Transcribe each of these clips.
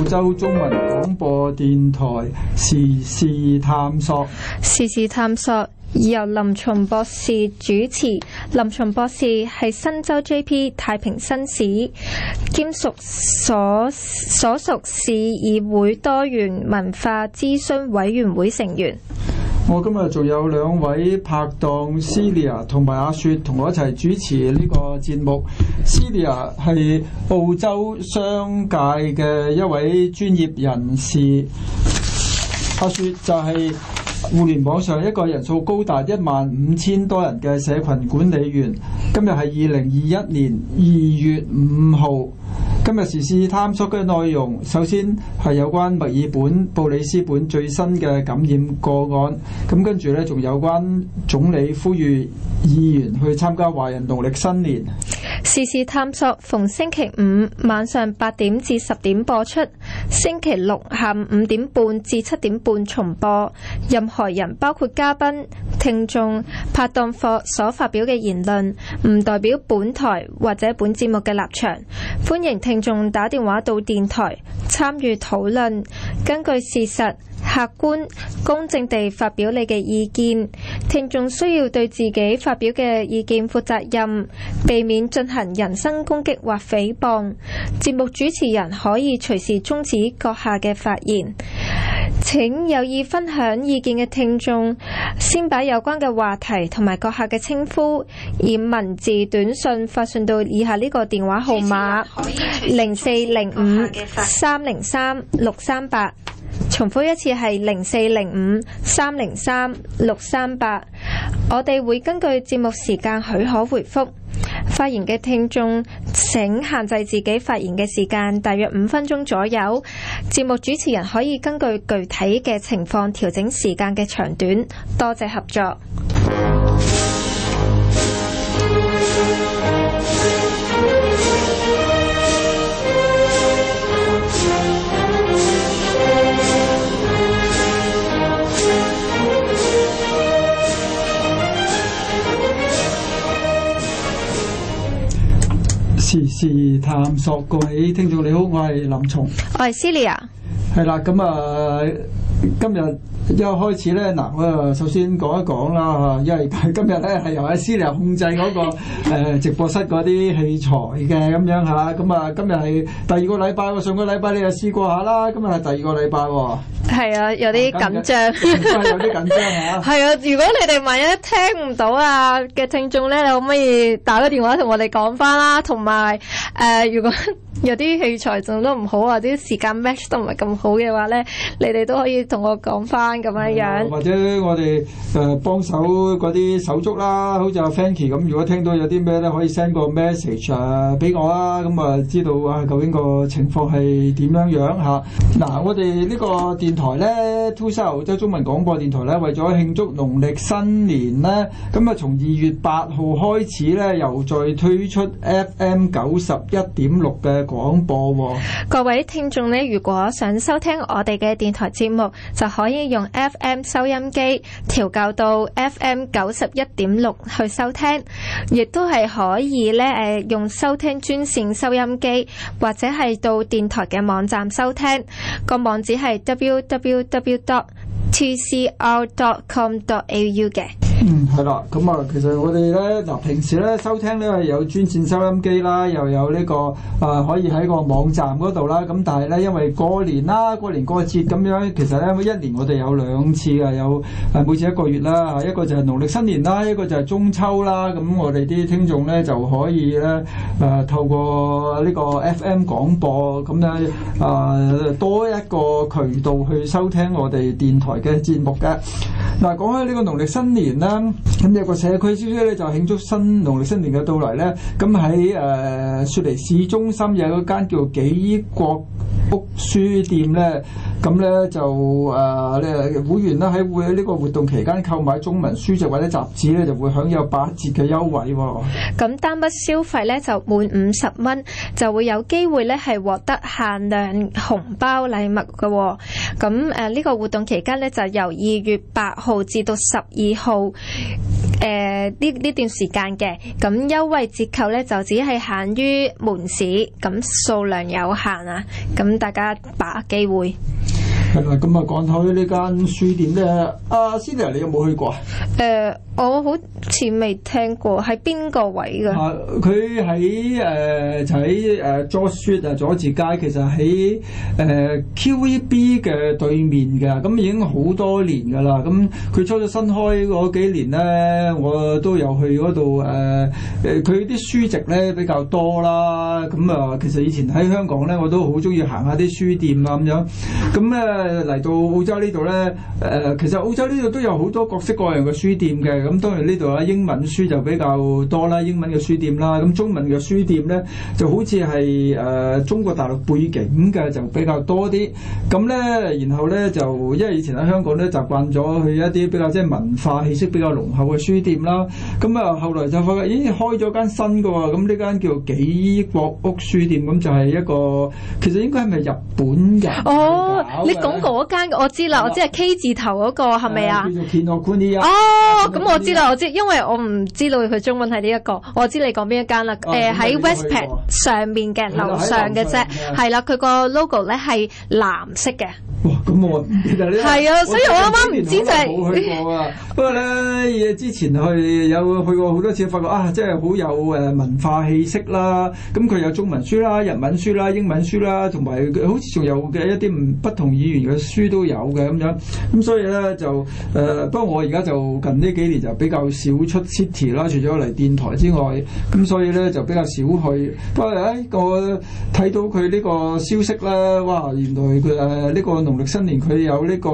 澳洲中文廣播電台時事探索，時事探索由林松博士主持。林松博士係新州 J.P. 太平紳士兼屬所所屬市議會多元文化諮詢委員會成員。我今日仲有兩位拍檔，Celia 同埋阿雪同我一齊主持呢個節目。Celia 係澳洲商界嘅一位專業人士，阿雪就係互聯網上一個人數高達一萬五千多人嘅社群管理員。今日係二零二一年二月五號。今日時事探索嘅內容，首先係有關墨爾本、布里斯本最新嘅感染個案。咁跟住呢，仲有關總理呼籲議員去參加華人農曆新年。時事探索逢星期五晚上八點至十點播出，星期六下午五點半至七點半重播。任何人包括嘉賓、聽眾拍檔個所發表嘅言論，唔代表本台或者本節目嘅立場。歡迎聽，仲打電話到電台參與討論，根據事實。客觀公正地發表你嘅意見，聽眾需要對自己發表嘅意見負責任，避免進行人身攻擊或誹謗。節目主持人可以隨時終止閣下嘅發言。請有意分享意見嘅聽眾，先把有關嘅話題同埋閣下嘅稱呼以文字短信發送到以下呢個電話號碼：零四零五三零三六三八。重複一次係零四零五三零三六三八，我哋會根據節目時間許可回覆。發言嘅聽眾，請限制自己發言嘅時間大約五分鐘左右。節目主持人可以根據具體嘅情況調整時間嘅長短，多謝合作。時事探索，各位聽眾你好，我係林松，我係 Celia，係啦，咁啊。今日一開始咧，嗱，我首先講一講啦，因為今日咧係由阿思嚟控制嗰、嗰個 直播室嗰啲器材嘅咁樣嚇，咁啊今日係第二個禮拜喎，上個禮拜你又試過下啦，今日係第二個禮拜喎。係啊，有啲緊張，有啲、啊、緊張嚇。係 啊，如果你哋萬一聽唔到啊嘅聽眾咧，你可唔可以打個電話同我哋講翻啦，同埋誒，如果有啲器材仲都唔好啊，啲時間 match 都唔係咁好嘅話咧，你哋都可以。同我講翻咁樣樣、啊，或者我哋誒、呃、幫手嗰啲手足啦，好似阿 Frankie 咁，如果聽到有啲咩咧，可以 send 個 message 啊俾我啊，咁、嗯、啊知道啊究竟個情況係點樣樣嚇？嗱、啊啊，我哋呢個電台咧，Two Show 即中文廣播電台咧，為咗慶祝農曆新年咧，咁、嗯、啊從二月八號開始咧，又再推出 FM 九十一點六嘅廣播喎。各位聽眾咧，如果想收聽我哋嘅電台節目，就可以用 FM 收音機調校到 FM 九十一點六去收聽，亦都係可以咧誒用收聽專線收音機，或者係到電台嘅網站收聽，個網址係 www.tcr.com.au 嘅。嗯，係啦，咁啊，其實我哋咧，嗱平時咧收聽咧，有專線收音機啦，又有呢、這個啊、呃，可以喺個網站度啦。咁但係咧，因為過年啦，過年過節咁樣，其實咧每一年我哋有兩次啊有誒，每次一個月啦，一個就係農曆新年啦，一個就係中秋啦。咁、嗯、我哋啲聽眾咧就可以咧誒、呃，透過個呢個 FM 廣播咁咧誒多一個渠道去收聽我哋電台嘅節目嘅。嗱、呃，講開呢個農曆新年咧。咁有個社區消息咧就慶祝新農曆新年嘅到嚟咧，咁喺誒雪梨市中心有一間叫紀伊國屋書店咧，咁咧就誒咧、呃、會員啦喺會呢個活動期間購買中文書籍或者雜誌咧，就會享有八折嘅優惠喎、哦。咁單筆消費咧就滿五十蚊，就會有機會咧係獲得限量紅包禮物嘅、哦。咁誒呢個活動期間咧就由二月八號至到十二號。誒，呢呢、呃、段時間嘅咁優惠折扣呢，就只係限於門市，咁數量有限啊，咁大家把握機會。係啦，咁啊，講開呢間書店咧，阿 Cindy 你有冇去過啊？誒，我好似未聽過，喺邊個位噶？啊，佢喺誒就喺誒 George Street 啊，佐治街，其實喺誒 QVB 嘅對面嘅，咁、嗯、已經好多年噶啦。咁佢初咗新開嗰幾年咧，我都有去嗰度誒誒，佢、呃、啲、呃、書籍咧比較多啦。咁、嗯、啊，其實以前喺香港咧，我都好中意行下啲書店啊，咁樣咁咧。嗯嗯嚟到澳洲呢度呢，誒、呃，其實澳洲呢度都有好多各式各樣嘅書店嘅，咁、嗯、當然呢度啦，英文書就比較多啦，英文嘅書店啦，咁、嗯、中文嘅書店呢就好似係誒中國大陸背景嘅就比較多啲。咁、嗯、呢，然後呢，就因為以前喺香港呢習慣咗去一啲比較即係、就是、文化氣息比較濃厚嘅書店啦，咁、嗯、啊後來就發覺咦開咗間新嘅喎，咁呢間叫做幾國屋書店，咁、嗯、就係、是、一個其實應該係咪日本人？哦，你講。嗰間我知啦，我知係 K 字頭嗰個係咪啊？哦，咁我知啦，我知，因為我唔知道佢中文係呢一個，我知你講邊一間啦。誒喺 Westpac 上面嘅樓上嘅啫，係啦，佢個 logo 咧係藍色嘅。哇！咁我其實呢一，係啊，所以我啱啱唔知就冇去過啊。不過咧，之前去有去過好多次，發覺啊，真係好有誒文化氣息啦。咁佢有中文書啦、日文書啦、英文書啦，同埋好似仲有嘅一啲唔不同語言嘅書都有嘅咁樣。咁所以咧就誒、呃，不過我而家就近呢幾年就比較少出 city 啦，除咗嚟電台之外，咁所以咧就比較少去。不過誒，我睇到佢呢個消息啦，哇！原來佢誒呢個。農曆新年佢有呢個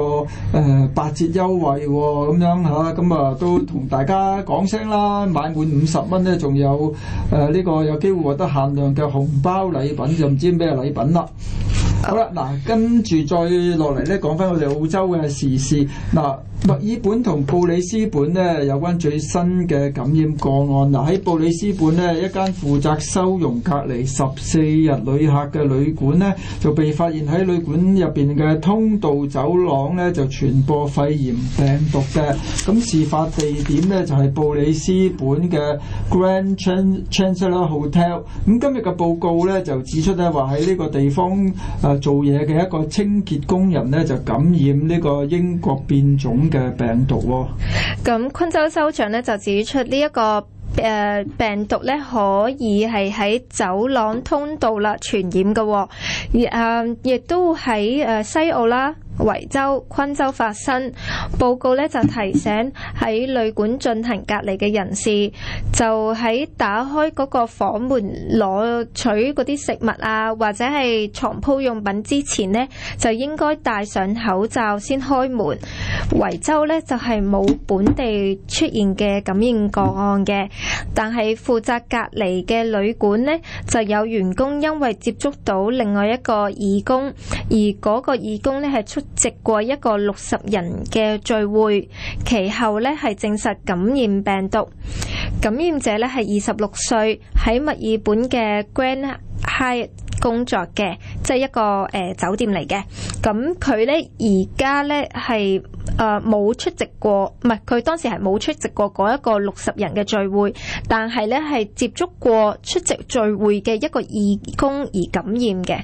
誒八折優惠咁樣吓，咁啊都同大家講聲啦，買滿五十蚊咧，仲有誒呢個有機會獲得限量嘅紅包禮品，就唔知咩禮品啦。好啦，嗱，跟住再落嚟咧，講翻我哋澳洲嘅時事。嗱、嗯，墨爾本同布里斯本呢有關最新嘅感染個案。嗱、嗯，喺布里斯本呢，一間負責收容隔離十四日旅客嘅旅館呢，就被發現喺旅館入邊嘅通道走廊呢就傳播肺炎病毒嘅。咁、嗯、事發地點呢，就係、是、布里斯本嘅 Grand Chancellor Hotel。咁、嗯、今日嘅報告呢，就指出呢話喺呢個地方。啊！做嘢嘅一個清潔工人咧，就感染呢個英國變種嘅病毒、哦。咁昆、嗯、州州長咧就指出、這個，呢一個誒病毒咧可以係喺走廊通道啦傳染嘅、哦，而誒亦都喺誒、呃、西澳啦。維州、昆州發生報告呢，就提醒喺旅館進行隔離嘅人士，就喺打開嗰個房門攞取嗰啲食物啊，或者係床鋪用品之前呢，就應該戴上口罩先開門。維州呢就係冇本地出現嘅感染個案嘅，但係負責隔離嘅旅館呢，就有員工因為接觸到另外一個義工，而嗰個義工呢，係出直過一個六十人嘅聚會，其後呢係證實感染病毒。感染者呢係二十六歲，喺墨爾本嘅 Grand High 工作嘅，即係一個誒、呃、酒店嚟嘅。咁、嗯、佢呢而家呢係誒冇出席過，唔係佢當時係冇出席過嗰一個六十人嘅聚會，但係呢係接觸過出席聚會嘅一個義工而感染嘅。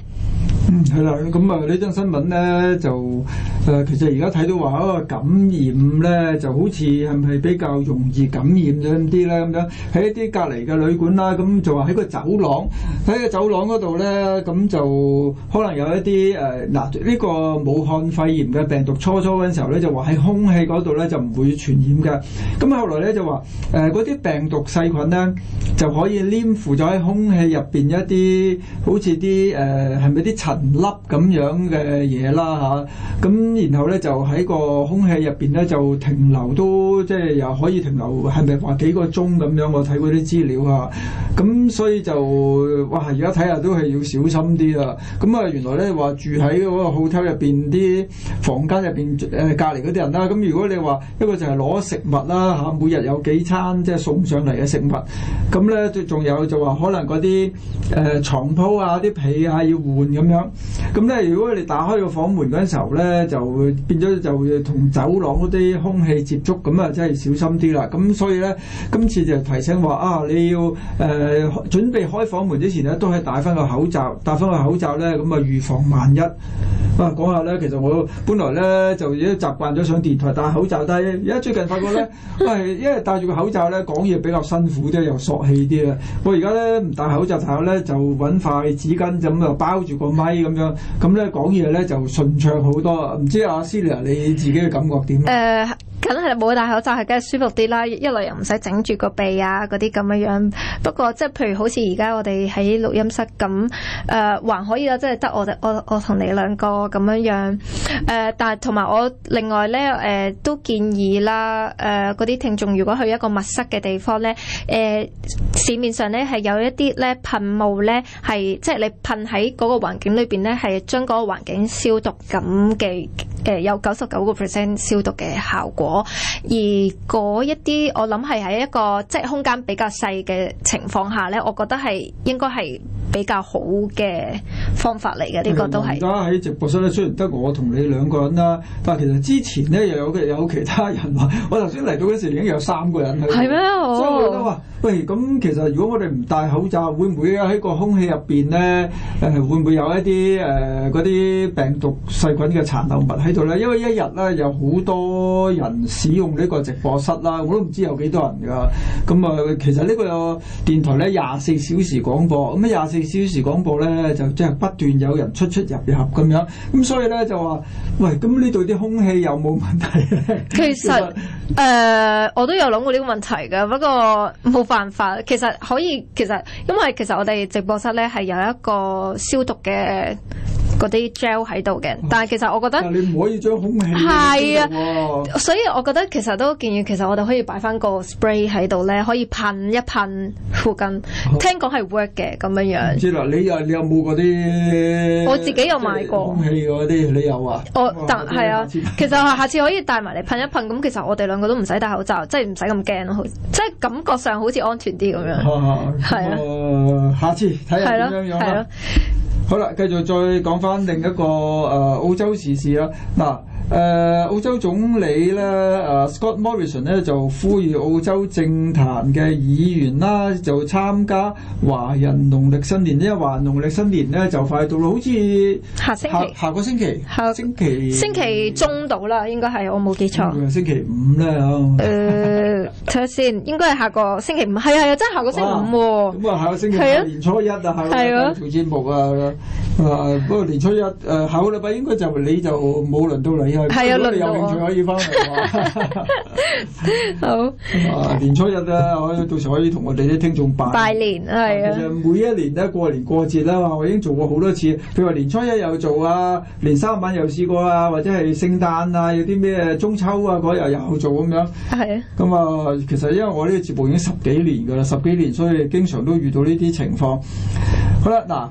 嗯，係啦，咁啊呢張新聞咧就誒、呃，其實而家睇到話，嗰個感染咧就好似係咪比較容易感染咗啲咧，咁樣，喺一啲隔離嘅旅館啦，咁就話喺個走廊，喺個走廊嗰度咧，咁就可能有一啲誒嗱呢個武漢肺炎嘅病毒，初初嗰陣時候咧就話喺空氣嗰度咧就唔會傳染嘅，咁後來咧就話誒嗰啲病毒細菌咧就可以黏附咗喺空氣入邊一啲好似啲誒係咪啲塵？呃是粒咁樣嘅嘢啦嚇，咁、啊、然後咧就喺個空氣入邊咧就停留都即係又可以停留係咪話幾個鐘咁樣？我睇過啲資料啊，咁所以就哇而家睇下都係要小心啲啊！咁啊原來咧話住喺嗰個 hotel 入邊啲房間入邊誒隔離嗰啲人啦，咁、啊、如果你話一個就係攞食物啦嚇、啊，每日有幾餐即係送上嚟嘅食物，咁咧仲有就話可能嗰啲誒牀鋪啊、啲被啊要換咁樣。咁咧、嗯，如果你打開個房門嗰陣時候咧，就變咗就同走廊嗰啲空氣接觸，咁啊真係小心啲啦。咁、嗯、所以咧，今次就提醒話啊，你要誒、呃、準備開房門之前咧，都係戴翻個口罩，戴翻個口罩咧，咁啊預防萬一。啊，講下咧，其實我本來咧就已經習慣咗上電台口 戴，上口戴口罩，但係而家最近發覺咧，喂，因為戴住個口罩咧，講嘢比較辛苦啲，又索氣啲啊。我而家咧唔戴口罩，朋友咧就搵塊紙巾咁就包住個咪。咁樣咁咧講嘢咧就順暢好多啦。唔知阿、啊、Silvia 你自己嘅感覺點咧？ 呃梗係冇戴口罩係梗係舒服啲啦，一來又唔使整住個鼻啊嗰啲咁嘅樣。不過即係譬如好似而家我哋喺錄音室咁，誒、呃、還可以啦，即係得我哋我我同你兩個咁樣樣。誒、呃，但係同埋我另外咧誒、呃、都建議啦，誒嗰啲聽眾如果去一個密室嘅地方咧，誒、呃、市面上咧係有一啲咧噴霧咧係即係你噴喺嗰個環境裏邊咧係將嗰個環境消毒咁嘅。誒，有九十九個 percent 消毒嘅效果，而嗰一啲我諗係喺一個即係空間比較細嘅情況下咧，我覺得係應該係比較好嘅方法嚟嘅。呢個都係。而家喺直播室咧，雖然得我同你兩個人啦，但係其實之前咧又有有其他人啊。我頭先嚟到嗰時已經有三個人啦。係咩？所以我覺得話，喂，咁其實如果我哋唔戴口罩，會唔會喺個空氣入邊咧？誒，會唔會有一啲誒嗰啲病毒細菌嘅殘留物喺？因為一日咧有好多人使用呢個直播室啦，我都唔知有幾多人㗎。咁啊，其實呢個電台咧廿四小時廣播，咁廿四小時廣播咧就即係不斷有人出出入入咁樣。咁所以咧就話，喂，咁呢度啲空氣有冇問題？其實誒、 呃，我都有諗過呢個問題㗎，不過冇辦法。其實可以，其實因為其實我哋直播室咧係有一個消毒嘅。嗰啲 gel 喺度嘅，但係其實我覺得，你唔可以將空氣，係啊，所以我覺得其實都建議，其實我哋可以擺翻個 spray 喺度咧，可以噴一噴附近。聽講係 work 嘅咁樣樣。即係嗱，你啊，你有冇嗰啲？我自己有買過空氣嗰啲，你有啊？我，但係啊，其實下次可以帶埋嚟噴一噴。咁其實我哋兩個都唔使戴口罩，即係唔使咁驚咯，即係感覺上好似安全啲咁樣。係啊，下次睇下點樣樣。好啦，繼續再講返另一個誒、呃、澳洲時事啦，嗱。誒澳洲總理咧，誒 Scott Morrison 咧就呼籲澳洲政壇嘅議員啦，就參加華人農曆新年，因為華人農曆新年咧就快到啦，好似下星期，下個星期，下星期，星期中到啦，應該係我冇記錯，星期五咧嚇，誒睇下先，應該係下個星期五，係啊係啊，真係下個星期五喎，咁啊下個星期年初一啊，下個星期做節目啊，啊不過年初一誒下個禮拜應該就你就冇輪到你。係啊，你有興趣可以翻嚟。 好、啊，年初一啊，我到時可以同我哋啲聽眾拜拜年，係啊。其實每一年咧過年過節啦，我已經做過好多次。譬如話年初一又做啊，年三晚又試過啊，或者係聖誕啊，有啲咩中秋啊嗰日又做咁樣。係啊的。咁、嗯、啊，其實因為我呢個節目已經十幾年㗎啦，十幾年所以經常都遇到呢啲情況。好啦，嗱，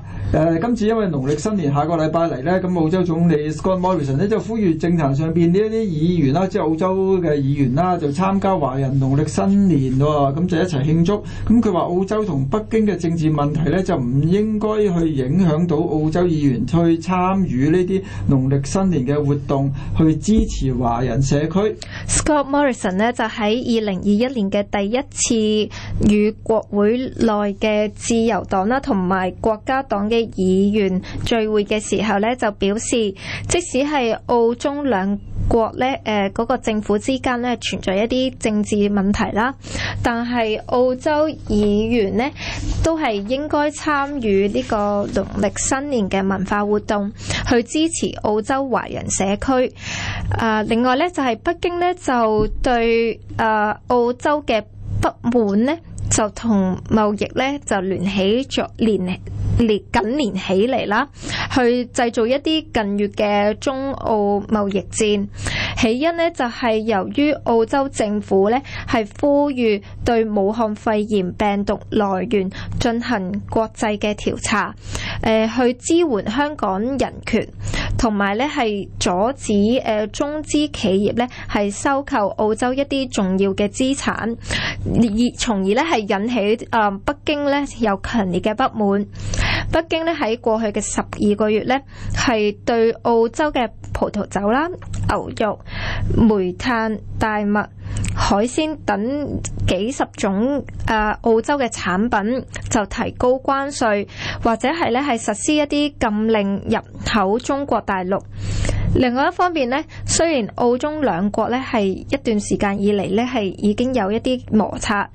誒，今次因為農曆新年下個禮拜嚟咧，咁澳洲總理 Scott Morrison 咧就呼籲政壇上邊呢一啲議員啦，即係澳洲嘅議員啦，就參加華人農曆新年咯、哦，咁就一齊慶祝。咁佢話澳洲同北京嘅政治問題咧，就唔應該去影響到澳洲議員去參與呢啲農曆新年嘅活動，去支持華人社區。Scott Morrison 咧就喺二零二一年嘅第一次與國會內嘅自由黨啦，同埋。國家黨嘅議員聚會嘅時候咧，就表示，即使係澳中兩國咧誒，嗰個政府之間咧存在一啲政治問題啦，但係澳洲議員呢，都係應該參與呢個農曆新年嘅文化活動，去支持澳洲華人社區。呃，另外咧就係、是、北京咧就對誒，呃，澳洲嘅不滿咧。就同貿易咧就聯起著連連緊連起嚟啦，去製造一啲近月嘅中澳貿易戰。起因咧就係、是、由於澳洲政府咧係呼籲對武漢肺炎病毒來源進行國際嘅調查，誒、呃，去支援香港人權，同埋咧係阻止誒、呃、中資企業咧係收購澳洲一啲重要嘅資產，從而從而咧係。引起誒北京咧，有強烈嘅不滿。北京咧，喺過去嘅十二個月咧，係對澳洲嘅葡萄酒啦、牛肉、煤炭、大麥、海鮮等幾十種誒、啊、澳洲嘅產品就提高關稅，或者係咧係實施一啲禁令入口中國大陸。另外一方面咧，雖然澳中兩國咧係一段時間以嚟咧係已經有一啲摩擦，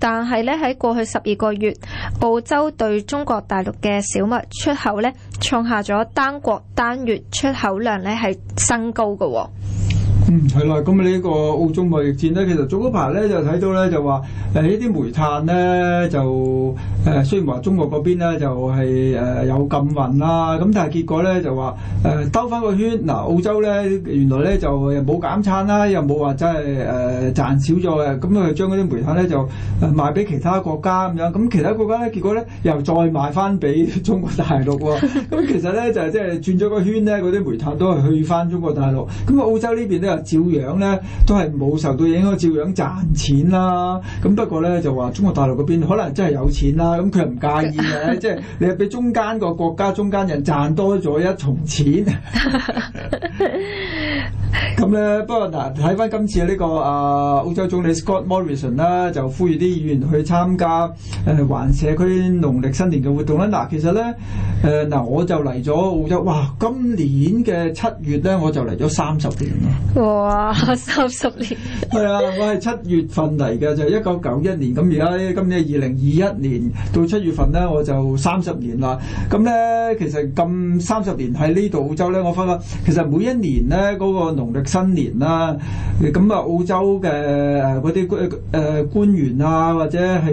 但係咧喺過去十二個月，澳洲對中國大陸嘅小麥出口咧創下咗單國單月出口量咧係新高嘅，哦。嗯，係咯，咁呢個澳中貿易戰咧，其實早嗰排咧就睇到咧就話誒呢啲煤炭咧就誒、呃、雖然話中國嗰邊咧就係誒有禁運啦，咁但係結果咧就話誒兜翻個圈，嗱、呃、澳洲咧原來咧就冇減產啦，又冇話真係誒、呃、賺少咗嘅，咁佢將嗰啲煤炭咧就賣俾其他國家咁樣，咁其他國家咧結果咧又再賣翻俾中國大陸喎，咁其實咧就係即係轉咗個圈咧，嗰啲煤炭都係去翻中國大陸，咁、就是、澳洲呢邊咧。照樣咧，都係冇受到影響，照樣賺錢啦。咁不過咧，就話中國大陸嗰邊可能真係有錢啦。咁佢又唔介意嘅， 即係你又俾中間個國家中間人賺多咗一重錢。咁咧，不過嗱，睇翻今次呢、這個啊澳洲總理 Scott Morrison 啦、啊，就呼籲啲議員去參加誒、啊、環社區農曆新年嘅活動啦。嗱、啊，其實咧，誒、啊、嗱，我就嚟咗澳洲，哇！今年嘅七月咧，我就嚟咗三十年哇！三十年係 啊，我係七月份嚟嘅，就一九九一年咁。而家今年二零二一年到七月份咧，我就三十年啦。咁咧，其實咁三十年喺呢度澳洲咧，我發覺其實每一年咧嗰、嗰個農曆新年啦、啊，咁啊澳洲嘅誒嗰啲官官員啊，或者係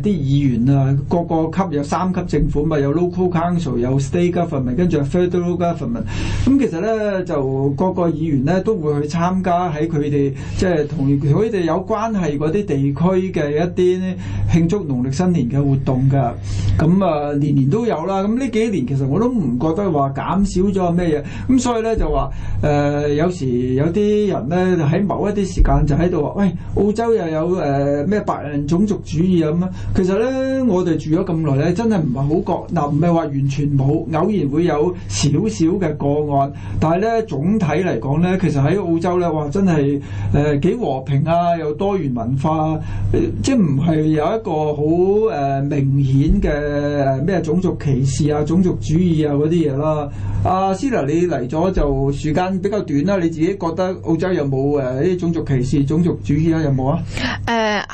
誒啲議員啊，個個級有三級政府，咪有 local council，有 state government，跟住有 federal government。咁其實咧就個個議員咧都會去。參加喺佢哋即係同佢哋有關係嗰啲地區嘅一啲慶祝農曆新年嘅活動。㗎咁啊年年都有啦。咁呢幾年其實我都唔覺得話減少咗咩嘢，咁所以咧就話誒、呃、有時有啲人咧喺某一啲時間就喺度話：喂，澳洲又有誒咩、呃、白人種族主義啊咁啊。其實咧我哋住咗咁耐咧，真係唔係好覺，嗱唔係話完全冇，偶然會有少少嘅個案，但係咧總體嚟講咧，其實喺澳州咧，話真係誒、呃、幾和平啊，又多元文化，啊呃，即係唔係有一個好誒、呃、明顯嘅咩種族歧視啊、種族主義啊嗰啲嘢啦。阿 Celia 你嚟咗就時間比較短啦，啊，你自己覺得澳洲有冇誒呢種族歧視、種族主義啊有冇啊？誒喺、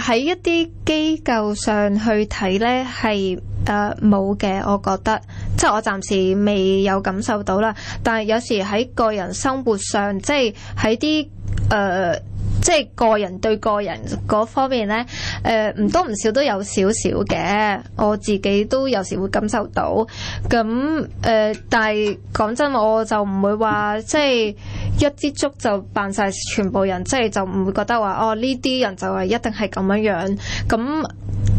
呃、一啲機構上去睇咧係。誒，冇嘅，uh，我覺得即係我暫時未有感受到啦。但係有時喺個人生活上，即係喺啲誒。呃即係個人對個人嗰方面呢，誒、呃、唔多唔少都有少少嘅，我自己都有時會感受到。咁誒、呃，但係講真，我就唔會話即係一知足就扮晒全部人，即係就唔會覺得話哦呢啲人就係一定係咁樣樣。咁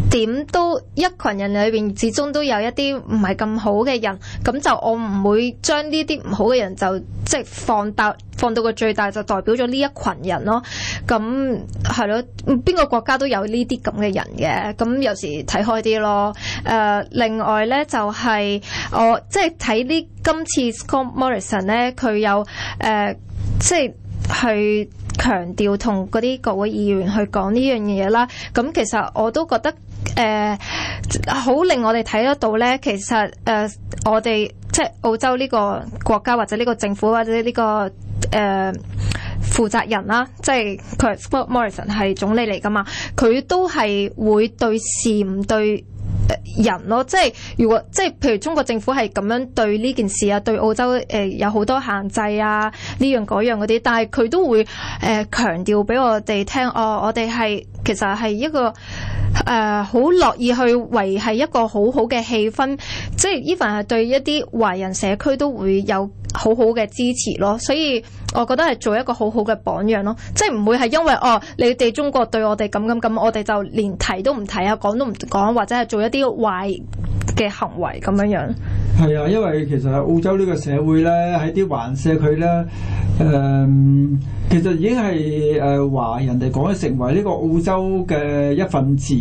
點都一群人裏邊，始終都有一啲唔係咁好嘅人。咁就我唔會將呢啲唔好嘅人就即係放大放到個最大，就代表咗呢一群人咯。咁係咯，邊個國家都有呢啲咁嘅人嘅，咁有時睇開啲咯。誒、呃，另外咧就係、是、我即係睇呢今次 Scott Morrison 咧，佢有誒、呃、即係去強調同嗰啲國會議員去講呢樣嘢啦。咁、嗯、其實我都覺得誒好、呃、令我哋睇得到咧。其實誒、呃、我哋。即係澳洲呢個國家或者呢個政府或者呢、呢個誒、呃、負責人啦，即係佢係 Scott Morrison 係總理嚟噶嘛，佢都係會對事唔對。人咯，即係如果即係，譬如中國政府係咁樣對呢件事啊，對澳洲誒、呃、有好多限制啊，呢樣嗰樣嗰啲，但係佢都會誒強調俾我哋聽，哦，我哋係其實係一個誒好樂意去維繫一個好好嘅氣氛，即係 even 係對一啲華人社區都會有。好好嘅支持咯，所以我覺得係做一個好好嘅榜樣咯，即係唔會係因為哦，你哋中國對我哋咁咁咁，我哋就連提都唔提啊，講都唔講，或者係做一啲壞嘅行為咁樣樣，係啊，因為其實澳洲呢個社會咧，喺啲環社區咧，誒、嗯。其實已經係誒話人哋講，成為呢個澳洲嘅一份子，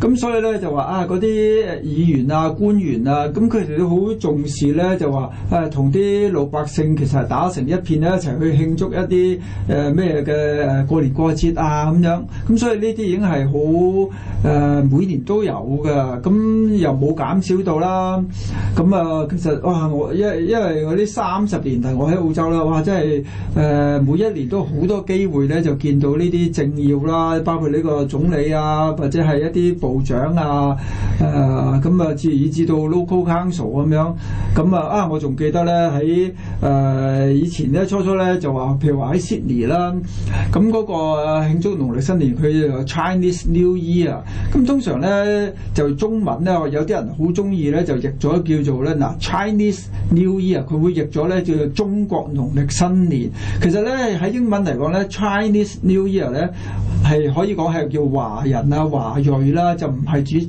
咁所以咧就話啊嗰啲議員啊、官員啊，咁佢哋都好重視咧，就話誒同啲老百姓其實係打成一片咧，一齊去慶祝一啲誒咩嘅過年過節啊咁樣，咁所以呢啲已經係好誒每年都有㗎，咁、啊、又冇減少到啦。咁啊，其實哇，我因因為我呢三十年嚟我喺澳洲啦，哇真係誒、呃、每一年都～好多機會咧，就見到呢啲政要啦，包括呢個總理啊，或者係一啲部長啊，誒咁啊，至以至到 local council 咁樣咁啊，啊我仲記得咧喺誒以前咧初初咧就話譬如話喺 Sydney 啦，咁個個、啊、慶祝農曆新年，佢 Ch 就，就、啊、Chinese New Year 啊。咁通常咧就中文咧，有啲人好中意咧就譯咗叫做咧嗱 Chinese New Year，啊佢會譯咗咧叫做中國農曆新年。其實咧喺英，嚟講咧，Chinese New Year 咧係可以講係叫華人啊、華裔啦，就唔係指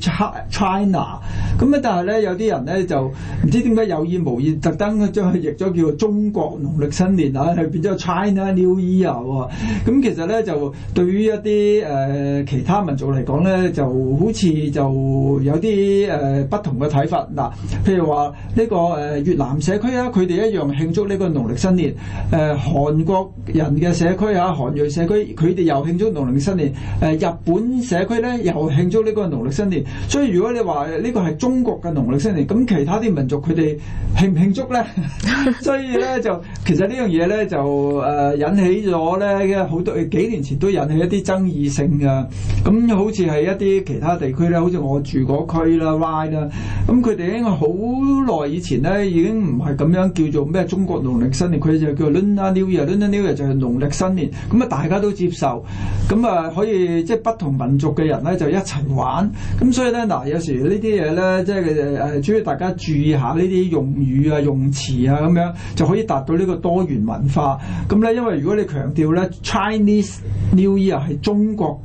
China。咁咧，但係咧有啲人咧就唔知點解有意無意，特登將佢譯咗叫中國農曆新年啊，係變咗 China New Year 喎、哦。咁、嗯、其實咧就對於一啲誒、呃、其他民族嚟講咧，就好似就有啲誒、呃、不同嘅睇法。嗱、呃，譬如話呢、這個誒、呃、越南社區啦，佢哋一樣慶祝呢個農曆新年。誒、呃、韓國人嘅。社區啊，韓裔社區佢哋又慶祝農曆新年。誒，日本社區咧又慶祝呢個農曆新年。所以如果你話呢個係中國嘅農曆新年，咁其他啲民族佢哋慶唔慶祝咧？ 所以咧就其實呢樣嘢咧就誒、呃、引起咗咧好多幾年前都引起一啲爭議性㗎。咁好似係一啲其他地區咧，好似我住嗰區啦、Y 啦，咁佢哋已經好耐以前咧已經唔係咁樣叫做咩中國農曆新年，佢就叫 Lunar New Year，Lunar New Year 就係農。新年，咁啊大家都接受，咁啊可以即係不同民族嘅人咧就一齊玩，咁所以咧嗱、呃、有時呢啲嘢咧即係誒、呃、主要大家注意下呢啲用語啊，用詞啊，咁樣就可以達到呢個多元文化。咁咧因為如果你強調咧 Chinese New Year 係中國。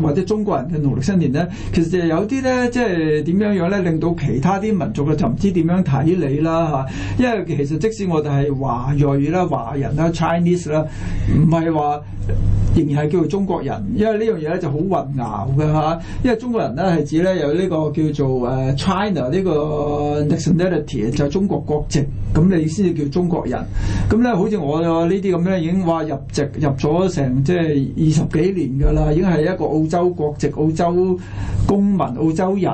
或者中國人嘅農曆新年咧，其實就有啲咧，即係點樣樣咧，令到其他啲民族咧就唔知點樣睇你啦嚇。因為其實即使我哋係華裔啦、華人啦、Chinese 啦，唔係話。仍然係叫做中國人，因為呢樣嘢咧就好混淆嘅吓。因為中國人咧係指咧有呢個叫做誒 China 呢個 nationality 就係中國國籍，咁你先至叫中國人。咁咧好似我呢啲咁咧已經話入籍入咗成即係二十幾年㗎啦，已經係一個澳洲國籍、澳洲公民、澳洲人。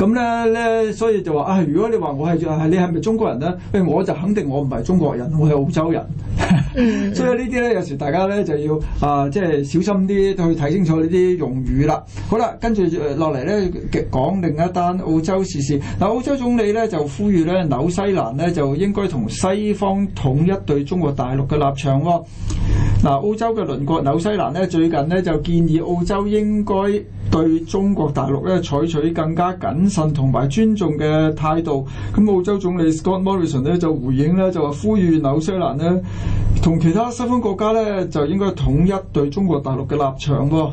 咁咧咧，所以就話啊，如果你話我係你係咪中國人咧？誒，我就肯定我唔係中國人，我係澳洲人。 所以呢啲咧，有時大家咧就要啊，即係小心啲去睇清楚呢啲用語啦。好啦，跟住落嚟咧，講另一單澳洲時事。嗱、啊，澳洲總理咧就呼籲咧紐西蘭咧，就應該同西方統一對中國大陸嘅立場喎、哦。嗱、啊，澳洲嘅鄰國紐西蘭咧，最近咧就建議澳洲應該對中國大陸咧採取更加謹慎同埋尊重嘅態度。咁、嗯、澳洲總理 Scott Morrison 咧就回應咧，就話呼籲紐西蘭咧同其他西方國家咧，就應該統一對中國大陸嘅立場喎、哦。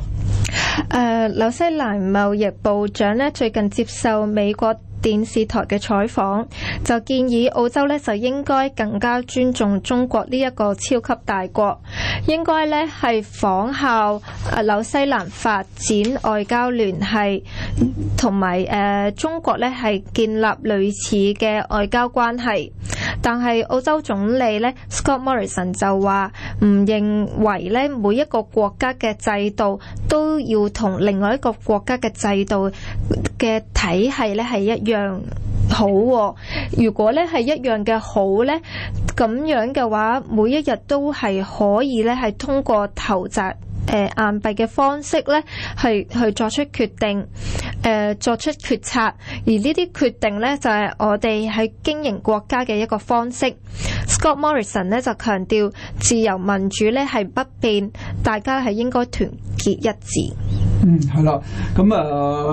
誒、呃，紐西蘭貿易部長咧最近接受美國電視台嘅採訪，就建議澳洲咧就應該更加尊重中國呢一個超級大國，應該咧係仿效啊紐西蘭發展外交聯繫，同埋誒中國咧係建立類似嘅外交關係。但係澳洲總理咧 Scott Morrison 就話唔認為咧每一個國家嘅制度都要同另外一個國家嘅制度嘅體系咧係一。一樣好、哦，如果咧係一樣嘅好呢咁樣嘅話，每一日都係可以咧，係通過投擲、呃、硬幣嘅方式呢係去，去作出決定、呃，作出決策，而呢啲決定呢就係、是、我哋喺經營國家嘅一個方式。Scott Morrison 呢就強調自由民主呢係不變，大家係應該團結一致。嗯，係啦，咁、嗯、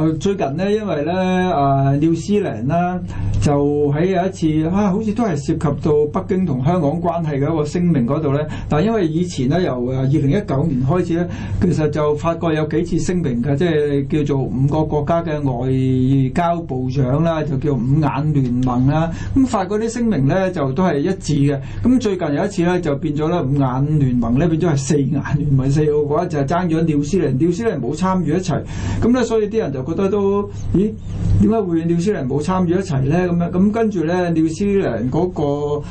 啊最近呢，因為呢，啊，紐西蘭啦，就喺有一次啊，好似都係涉及到北京同香港關係嘅一個聲明嗰度呢。但係因為以前呢，由誒二零一九年開始呢，其實就發過有幾次聲明嘅，即係叫做五個國家嘅外交部長啦，就叫五眼聯盟啦、啊。咁發過啲聲明呢，就都係一致嘅。咁、嗯、最近有一次呢，就變咗呢，五眼聯盟呢，變咗係四眼聯盟，四個國家就係爭咗紐西蘭，紐西蘭冇參。參與一齊，咁咧，所以啲人就覺得都，咦，點解會紐西蘭冇參與一齊咧？咁樣，咁跟住咧，紐西蘭嗰個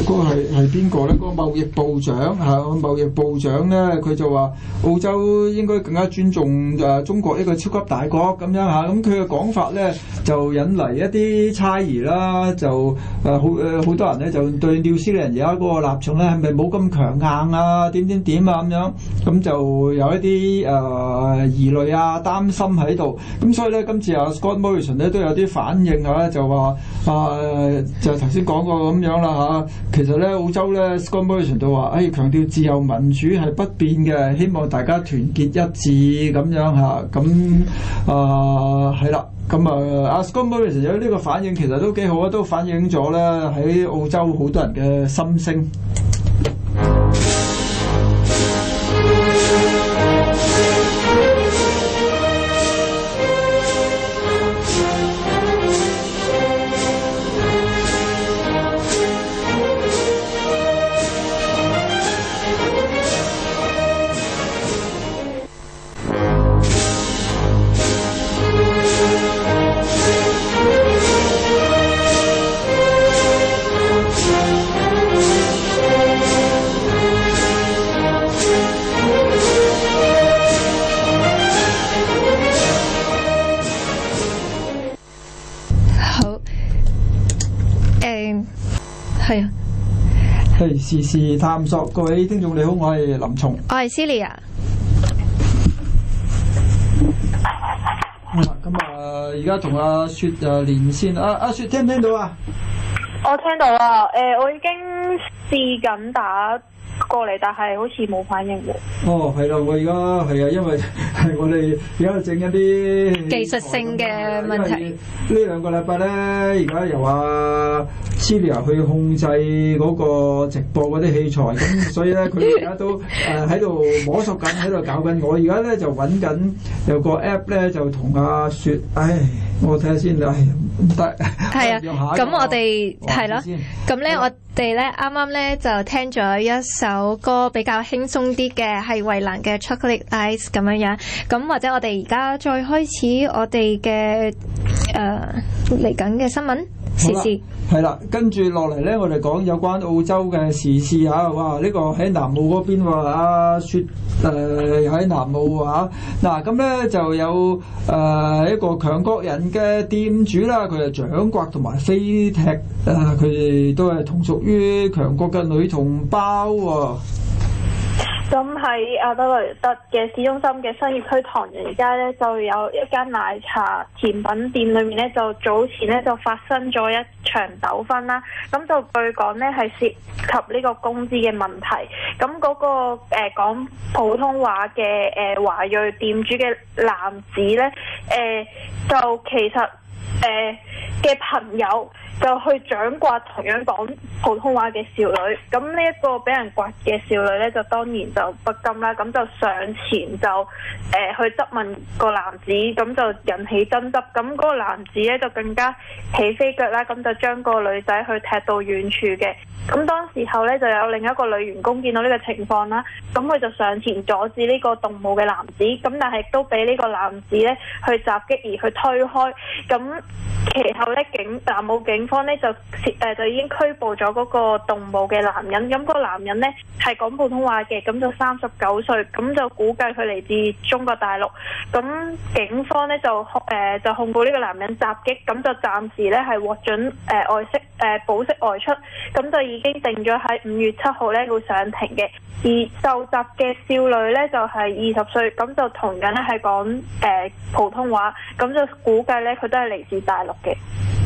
嗰個係係邊個咧？嗰、那個貿易部長嚇、那個、貿易部長咧，佢就話澳洲應該更加尊重誒中國一個超級大國咁樣嚇。咁佢嘅講法咧就引嚟一啲猜疑啦，就誒、啊、好誒、啊、好多人咧就對紐西蘭而家嗰個立場咧係咪冇咁強硬啊？點點點啊咁樣，咁就有一啲誒、啊、疑慮啊擔心喺度。咁、啊、所以咧今次阿、啊、Scott o m r 啊，Morrison 咧都有啲反應咧，就話啊就頭先講過咁樣啦嚇。啊。其實咧，澳洲咧，Scott Morrison 都話：，誒、哎，強調自由民主係不變嘅，希望大家團結一致咁樣吓。咁啊，係啦，咁、嗯、啊，阿 Scott Morrison 有呢個反應，其實都幾好啊，都反映咗咧喺澳洲好多人嘅心聲。時事探索，各位聽眾你好，我係林松，我係 Celia 好啦，咁啊，而家同阿雪啊連線，阿阿雪聽唔聽到啊？我聽到啦，誒、呃，我已經試緊打。過嚟，但係好似冇反應喎。哦，係啦，我而家係啊，因為係我哋而家整一啲技術性嘅問題。兩呢兩個禮拜咧，而家又話 Celia 去控制嗰個直播嗰啲器材，咁所以咧佢而家都誒喺度摸索緊，喺度搞緊。我而家咧就揾緊有個 app 咧，就同阿、啊、雪，唉、哎。我睇，哎啊、下先，唔得，係啊，咁我哋係咯，咁咧我哋咧啱啱咧就聽咗一首歌，比較輕鬆啲嘅，係衛蘭嘅 Chocolate Ice 咁樣樣，咁或者我哋而家再開始我哋嘅，誒、啊，嚟緊嘅新聞。時事係啦，跟住落嚟咧，我哋講有關澳洲嘅時事吓。哇，呢、這個喺南澳嗰邊喎，啊雪誒喺、呃、南澳啊，嗱咁咧就有誒、呃、一個強國人嘅店主啦，佢係掌摑同埋飛踢，啊佢哋都係同屬於強國嘅女同胞喎。啊咁喺阿德萊德嘅市中心嘅商業區唐人街呢，就有一間奶茶甜品店裏面呢，就早前呢就發生咗一場糾紛啦。咁就據講呢係涉及呢個工資嘅問題。咁嗰、那個誒、呃、講普通話嘅誒、呃、華裔店主嘅男子呢，誒、呃、就其實誒嘅、呃、朋友。就去掌摑同樣講普通話嘅少女，咁呢一個俾人摑嘅少女咧，就當然就不甘啦，咁就上前就誒、呃、去質問個男子，咁就引起爭執，咁嗰個男子咧就更加起飛腳啦，咁就將個女仔去踢到遠處嘅，咁當時候咧就有另一個女員工見到呢個情況啦，咁佢就上前阻止呢個動武嘅男子，咁但係都俾呢個男子咧去襲擊而去推開，咁其後咧警但武警。方咧就誒就已經拘捕咗嗰個動武嘅男人，咁個男人咧係講普通話嘅，咁就三十九歲，咁就估計佢嚟自中國大陸。咁警方咧就誒就控告呢個男人襲擊，咁就暫時咧係獲准誒外釋誒保釋外出，咁就已經定咗喺五月七號咧會上庭嘅。而受襲嘅少女咧就係二十歲，咁就同樣咧係講誒普通話，咁就估計咧佢都係嚟自大陸嘅。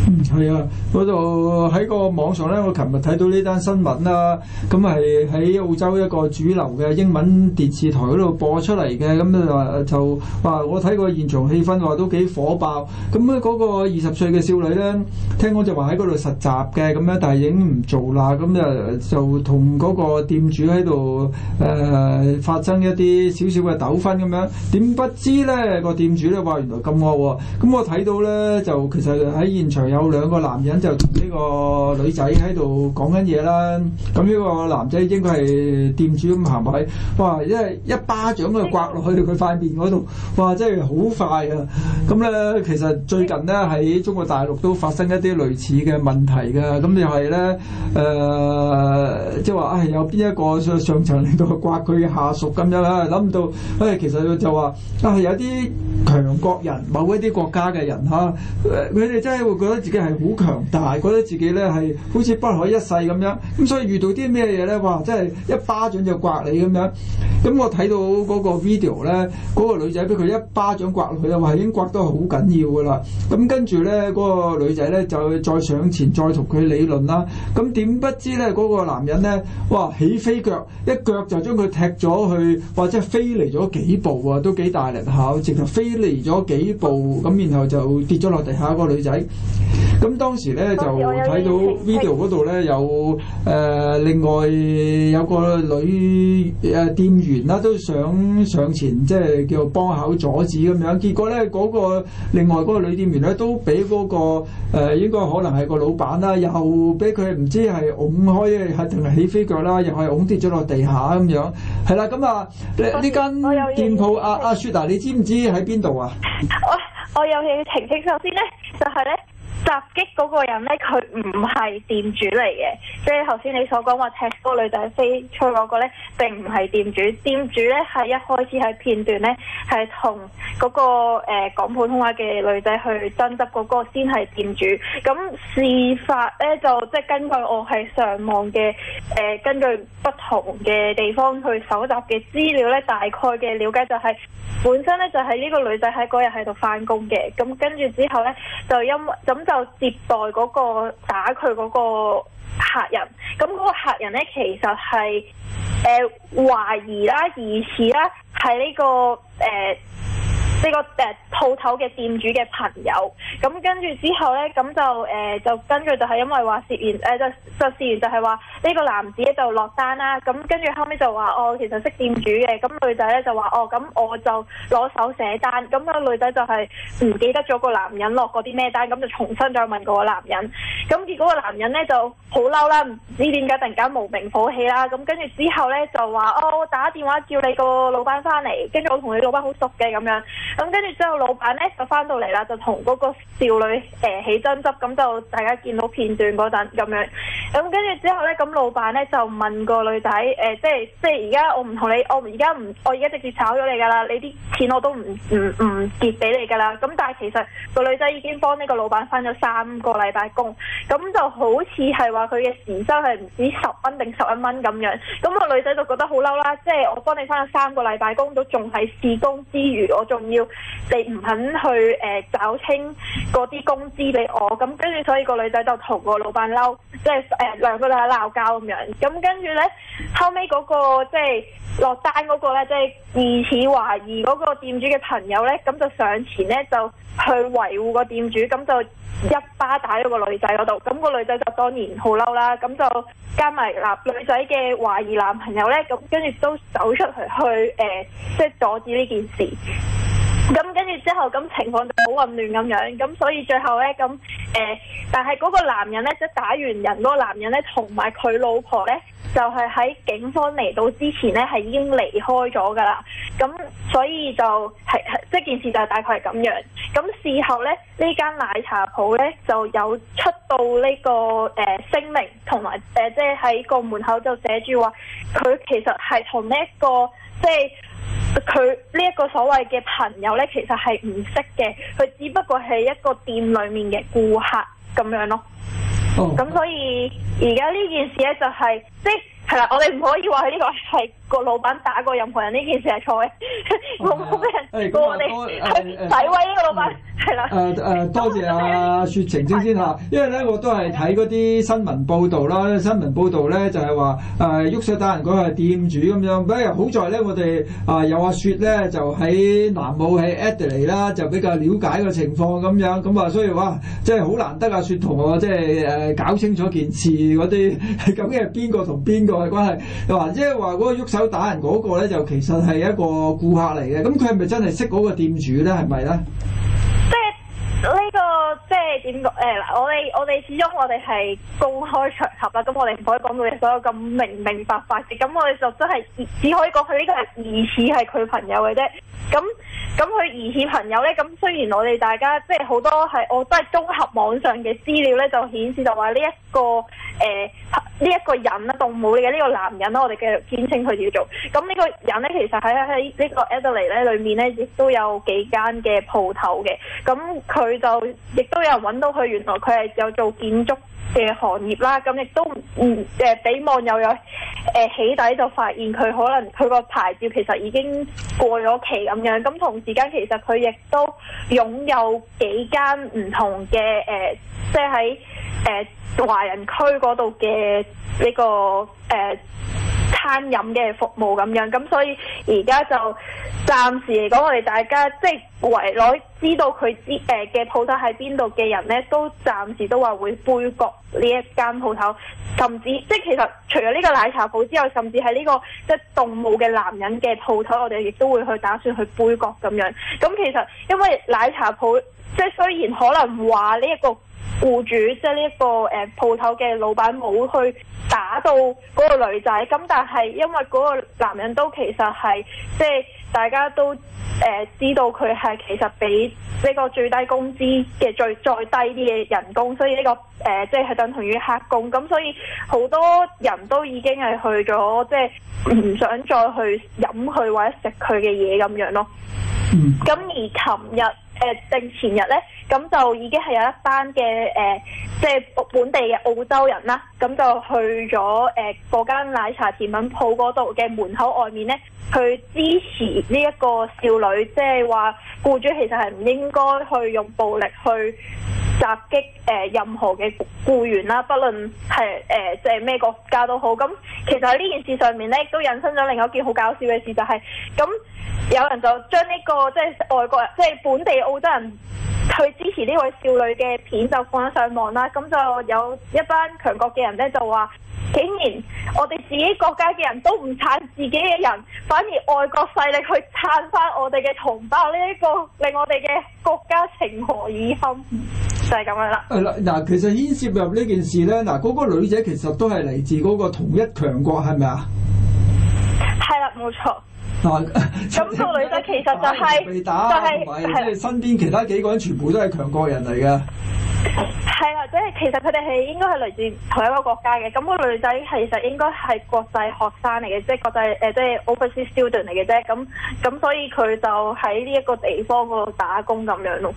嗯，係啊。嗰度喺個網上呢，我琴日睇到呢單新聞啦。咁係喺澳洲一個主流嘅英文電視台嗰度播出嚟嘅。咁啊就話我睇過現場氣氛話都幾火爆。咁呢嗰個二十歲嘅少女呢，聽講就話喺嗰度實習嘅，咁咧但係已經唔做啦。咁就就同嗰個店主喺度誒發生一啲少少嘅糾紛咁樣。點不知呢個店主呢，話原來咁惡喎。咁我睇到呢，就其實喺現場有兩個男人。就同呢個女仔喺度講緊嘢啦，咁呢個男仔應該係店主咁行埋，哇！一係一巴掌佢刮落去到佢塊面嗰度，哇！真係好快啊！咁咧，其實最近咧喺中國大陸都發生一啲類似嘅問題㗎，咁又係咧誒，即係話唉，有邊一個上上層嚟到刮佢下屬咁樣啊？諗唔到唉、哎，其實就話啊、哎，有啲強國人，某一啲國家嘅人嚇，佢、啊、哋真係會覺得自己係好強。但係覺得自己咧係好似不可一世咁樣，咁所以遇到啲咩嘢咧，哇！真係一巴掌就刮你咁樣，咁我睇到個 video 咧，嗰個女仔俾佢一巴掌刮落去啊，話已經刮得好緊要㗎啦。咁跟住咧，嗰個女仔咧就再上前再同佢理論啦。咁點不知咧，嗰個男人咧，哇！起飛腳一腳就將佢踢咗去，哇！即係飛離咗幾步啊，都幾大力吓，直頭飛嚟咗幾步，咁然後就跌咗落地下，嗰個女仔。咁當時。咧就睇到 video 嗰度咧有誒另外有個女誒店員啦，都想上前即係叫幫手阻止咁樣。結果咧，嗰個另外嗰個女店員咧都俾嗰個誒應該可能係個老闆啦，又俾佢唔知係拱開咧，係定係起飛腳啦，又係拱跌咗落地下咁樣。係啦，咁啊呢間店鋪阿阿雪娜，你知唔知喺邊度啊？我我有嘢澄清，首先咧就係咧。襲擊嗰個人咧，佢唔係店主嚟嘅，即係頭先你所講話踢嗰個女仔飛出去嗰個咧，並唔係店主。店主咧係一開始喺片段咧係同嗰個誒、呃、講普通話嘅女仔去爭執嗰個先係店主。咁、嗯、事發咧就即係根據我係上網嘅誒、呃、根據不同嘅地方去蒐集嘅資料咧，大概嘅了解就係、是、本身咧就係、是、呢個女仔喺嗰日喺度翻工嘅，咁跟住之後咧就因咁就。嗯接待嗰個打佢嗰個客人，咁嗰個客人咧其實係誒、呃、懷疑啦，疑似啦，係呢個誒。呃呢、這個誒鋪頭嘅店主嘅朋友，咁跟住之後咧，咁、呃、就誒、呃、就跟住、呃、就係因為話涉嫌誒就就涉嫌就係話呢個男子就落單啦，咁跟住後尾就話哦，其實識店主嘅，咁女仔咧就話哦，咁、嗯、我就攞手寫單，咁個女仔就係唔記得咗個男人落過啲咩單，咁就重新再問過個男人，咁結果個男人咧就好嬲啦，唔知點解突然間無名火氣啦，咁跟住之後咧就話哦，我打電話叫你個老闆翻嚟，跟住我同你老闆好熟嘅咁樣。咁跟住之後，老闆咧就翻到嚟啦，就同嗰個少女誒、呃、起爭執，咁就大家見到片段嗰陣咁樣。咁跟住之後咧，咁老闆咧就問個女仔誒、呃，即係即係而家我唔同你，我而家唔，我而家直接炒咗你㗎啦，你啲錢我都唔唔唔結俾你㗎啦。咁但係其實個女仔已經幫呢個老闆翻咗三個禮拜工，咁就好似係話佢嘅時薪係唔止十蚊定十一蚊咁樣。咁個女仔就覺得好嬲啦，即係我幫你翻咗三個禮拜工都仲係試工之餘，我仲要。你唔肯去誒，找清嗰啲工資俾我，咁跟住所以個女仔就同個老闆嬲，即係誒，兩個女仔鬧交咁樣，咁跟住呢，後尾嗰個即係落單嗰個呢，即係疑似懷疑嗰個店主嘅朋友呢，咁就上前呢，就去維護個店主，咁就一巴打咗個女仔嗰度，咁個女仔就當然好嬲啦，咁就加埋嗱女仔嘅懷疑男朋友呢，咁跟住都走出去去誒，即係阻止呢件事。咁跟住之後，咁情況就好混亂咁樣，咁所以最後咧，咁誒，但係嗰個男人咧，即係打完人嗰個男人咧，同埋佢老婆咧，就係喺警方嚟到之前咧，係已經離開咗噶啦。咁所以就係係，即係件事就大概係咁樣。咁事後咧，呢間奶茶鋪咧就有出到呢個誒聲明，同埋誒即係喺個門口就寫住話，佢其實係同呢個即係。佢呢一個所謂嘅朋友咧，其實係唔識嘅，佢只不過係一個店裏面嘅顧客咁樣咯。咁，Oh. 所以而家呢件事咧，就是，就係即。係啦，我哋唔可以話呢、這個係個老闆打過任何人呢件事係錯嘅，我冇咩人告我哋使威呢個老闆係啦。誒誒，多謝阿、啊、雪晴晴先吓，啊、因為咧我都係睇嗰啲新聞報道啦，新聞報道咧就係話誒喐手打人嗰個係店主咁樣，不過好呢、啊、呢在咧我哋啊有阿雪咧就喺南澳，喺 Adley 啦，就比較了解個情況咁樣，咁啊所以哇，真係好難得阿雪同我即係誒搞清楚件事嗰啲，究竟係邊個同邊個。外關係又話，即係話嗰個喐手打人嗰個咧，就其實係一個顧客嚟嘅。咁佢係咪真係識嗰個店主咧？係咪咧？即係呢個即係點講？誒、嗯，我哋我哋始終我哋係公開場合啦。咁我哋唔可以講到你所有咁明明白白嘅。咁我哋就真係只可以講佢呢個係疑似係佢朋友嘅啫。咁咁佢疑欠朋友咧，咁、嗯、雖然我哋大家即係好多係，我都係綜合網上嘅資料咧，就顯示就話呢一個誒呢一個人啦，動武嘅呢、這個呢個男人啦，我哋繼續簡稱佢叫做咁呢、嗯呢個人咧，其實喺喺呢個 Adelaide 咧裏面咧，亦都有幾間嘅鋪頭嘅，咁、嗯、佢就亦都有人揾到佢，原來佢係有做建築。嘅行業啦，咁亦都唔誒俾網友有誒、呃、起底，就發現佢可能佢個牌照其實已經過咗期咁樣，咁同時間其實佢亦都擁有幾間唔同嘅誒、呃，即係喺華人區嗰度嘅呢個誒。呃餐飲嘅服務咁樣，咁所以而家就暫時嚟講，我哋大家即係、就是、圍內知道佢支誒嘅鋪頭喺邊度嘅人呢，都暫時都話會杯葛呢一間鋪頭，甚至即係其實除咗呢個奶茶鋪之外，甚至係呢、這個即係、就是、動武嘅男人嘅鋪頭，我哋亦都會去打算去杯葛咁樣。咁其實因為奶茶鋪即係雖然可能話呢一個。僱主即係呢一個誒鋪頭嘅老闆冇去打到嗰個女仔，咁但係因為嗰個男人都其實係即係大家都誒、呃、知道佢係其實俾呢個最低工資嘅最再低啲嘅人工，所以呢、這個誒即係等同於客工，咁所以好多人都已經係去咗，即係唔想再去飲佢或者食佢嘅嘢咁樣咯。咁、嗯、而琴日誒定前日咧？咁就已經係有一班嘅誒，即係本地嘅澳洲人啦，咁就去咗誒嗰間奶茶甜品鋪嗰度嘅門口外面呢，去支持呢一個少女，即係話。雇主其實係唔應該去用暴力去襲擊誒、呃、任何嘅僱員啦，不論係誒即係咩國家都好。咁其實喺呢件事上面咧，都引申咗另一件好搞笑嘅事，就是，就係咁有人就將呢、這個即係外國人即係本地澳洲人去支持呢位少女嘅片就放咗上網啦。咁就有一班強國嘅人咧，就話竟然我哋自己國家嘅人都唔撐自己嘅人，反而外國勢力去撐翻我哋嘅同胞呢、這、一個。令我哋嘅國家情何以堪？就係咁樣啦。係啦，嗱，其實牽涉入呢件事咧，嗱，嗰個女仔其實都係嚟自嗰個同一強國，係咪啊？係啦，冇錯。咁 個女仔其實就係、係、就係、係，即係係身邊其他幾個人全部都係強國人嚟嘅。係啊，即、就、係、係、其實佢哋係應該係來自同一個國家嘅。咁、那個女仔其實應該係國際學生嚟嘅，即、就、係、係、國際誒，即係 overseas student 嚟嘅啫。咁咁所以佢就喺呢一個地方嗰度打工咁樣咯。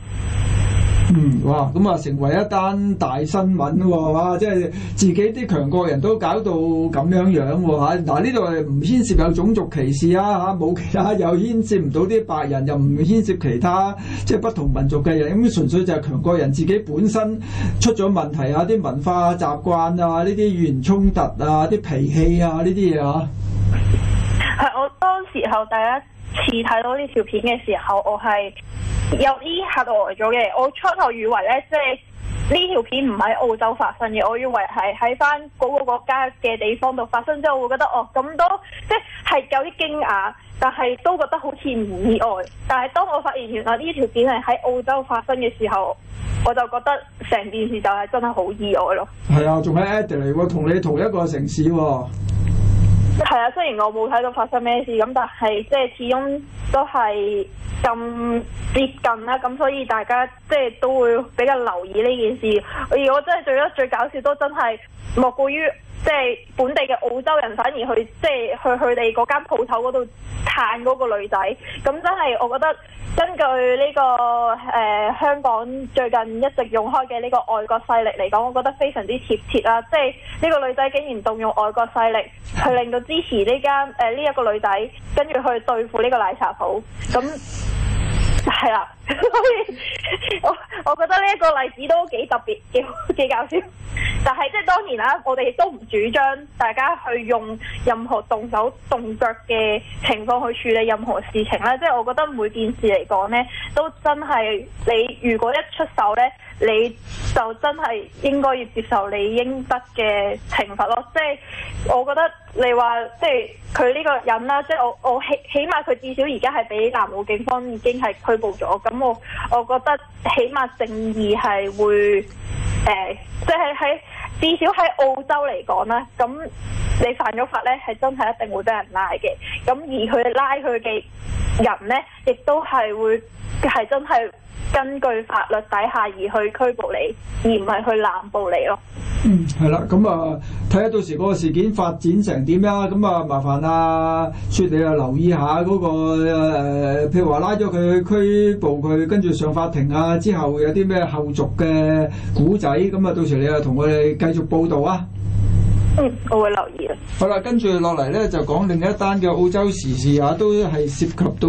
嗯，哇！咁啊，成為一單大新聞喎，哇！即係自己啲強國人都搞到咁樣樣喎，嚇！嗱，呢度係唔牽涉有種族歧視啊，嚇！冇其他，又牽涉唔到啲白人，又唔牽涉其他即係、就是、不同民族嘅人，咁、嗯、純粹就係強國人自己本身出咗問題啊，啲文化習慣啊，呢啲語言衝突啊，啲脾氣啊，呢啲嘢嚇。係、啊、我當時候第一。次睇到呢條片嘅時候，我係有啲吓呆咗嘅。我初頭以為咧，即係呢條片唔喺澳洲發生嘅，我以為係喺翻嗰個國家嘅地方度發生，之後我會覺得哦，咁都即係有啲驚訝，但係都覺得好似唔意外。但係當我發現原來呢條片係喺澳洲發生嘅時候，我就覺得成件事就係真係好意外咯。係啊，仲喺 Adelaide 嚟喎，我同你同一個城市喎。係啊，雖然我冇睇到發生咩事，咁但係即係始終都係咁接近啦，咁所以大家即係都會比較留意呢件事。而我真係做得最搞笑，都真係莫過於。即係本地嘅澳洲人，反而去即係去佢哋嗰間鋪頭嗰度攤嗰個女仔，咁真係我覺得根據呢、呢個誒、呃、香港最近一直用開嘅呢個外國勢力嚟講，我覺得非常之貼切啦！即係呢個女仔竟然動用外國勢力去令到支持呢間誒呢一個女仔，跟住去對付呢個奶茶鋪咁。係啦，所以是 我我覺得呢一個例子都幾特別，幾幾搞笑。但係即係當年然啦，我哋都唔主張大家去用任何動手動腳嘅情況去處理任何事情啦。即係我覺得每件事嚟講咧，都真係你如果一出手咧。你就真係應該要接受你應得嘅懲罰咯，即係我覺得你話即係佢呢個人啦，即係我我起起碼佢至少而家係俾南澳警方已經係拘捕咗，咁我我覺得起碼正義係會誒，即係喺。就是至少喺澳洲嚟講咧，咁你犯咗法咧，係真係一定會俾人拉嘅。咁而佢拉佢嘅人咧，亦都係會係真係根據法律底下而去拘捕你，而唔係去濫捕你咯、嗯。嗯，係啦。咁啊，睇下到時嗰個事件發展成點啦。咁啊，麻煩啊，雪，你啊留意下嗰、嗰個、呃、譬如話拉咗佢拘捕佢，跟住上法庭啊，之後有啲咩後續嘅古仔。咁啊，到時你啊同佢哋，繼續報道啊！嗯，我會留意啊。好啦，跟住落嚟咧，就講另一單嘅澳洲時事啊，都係涉及到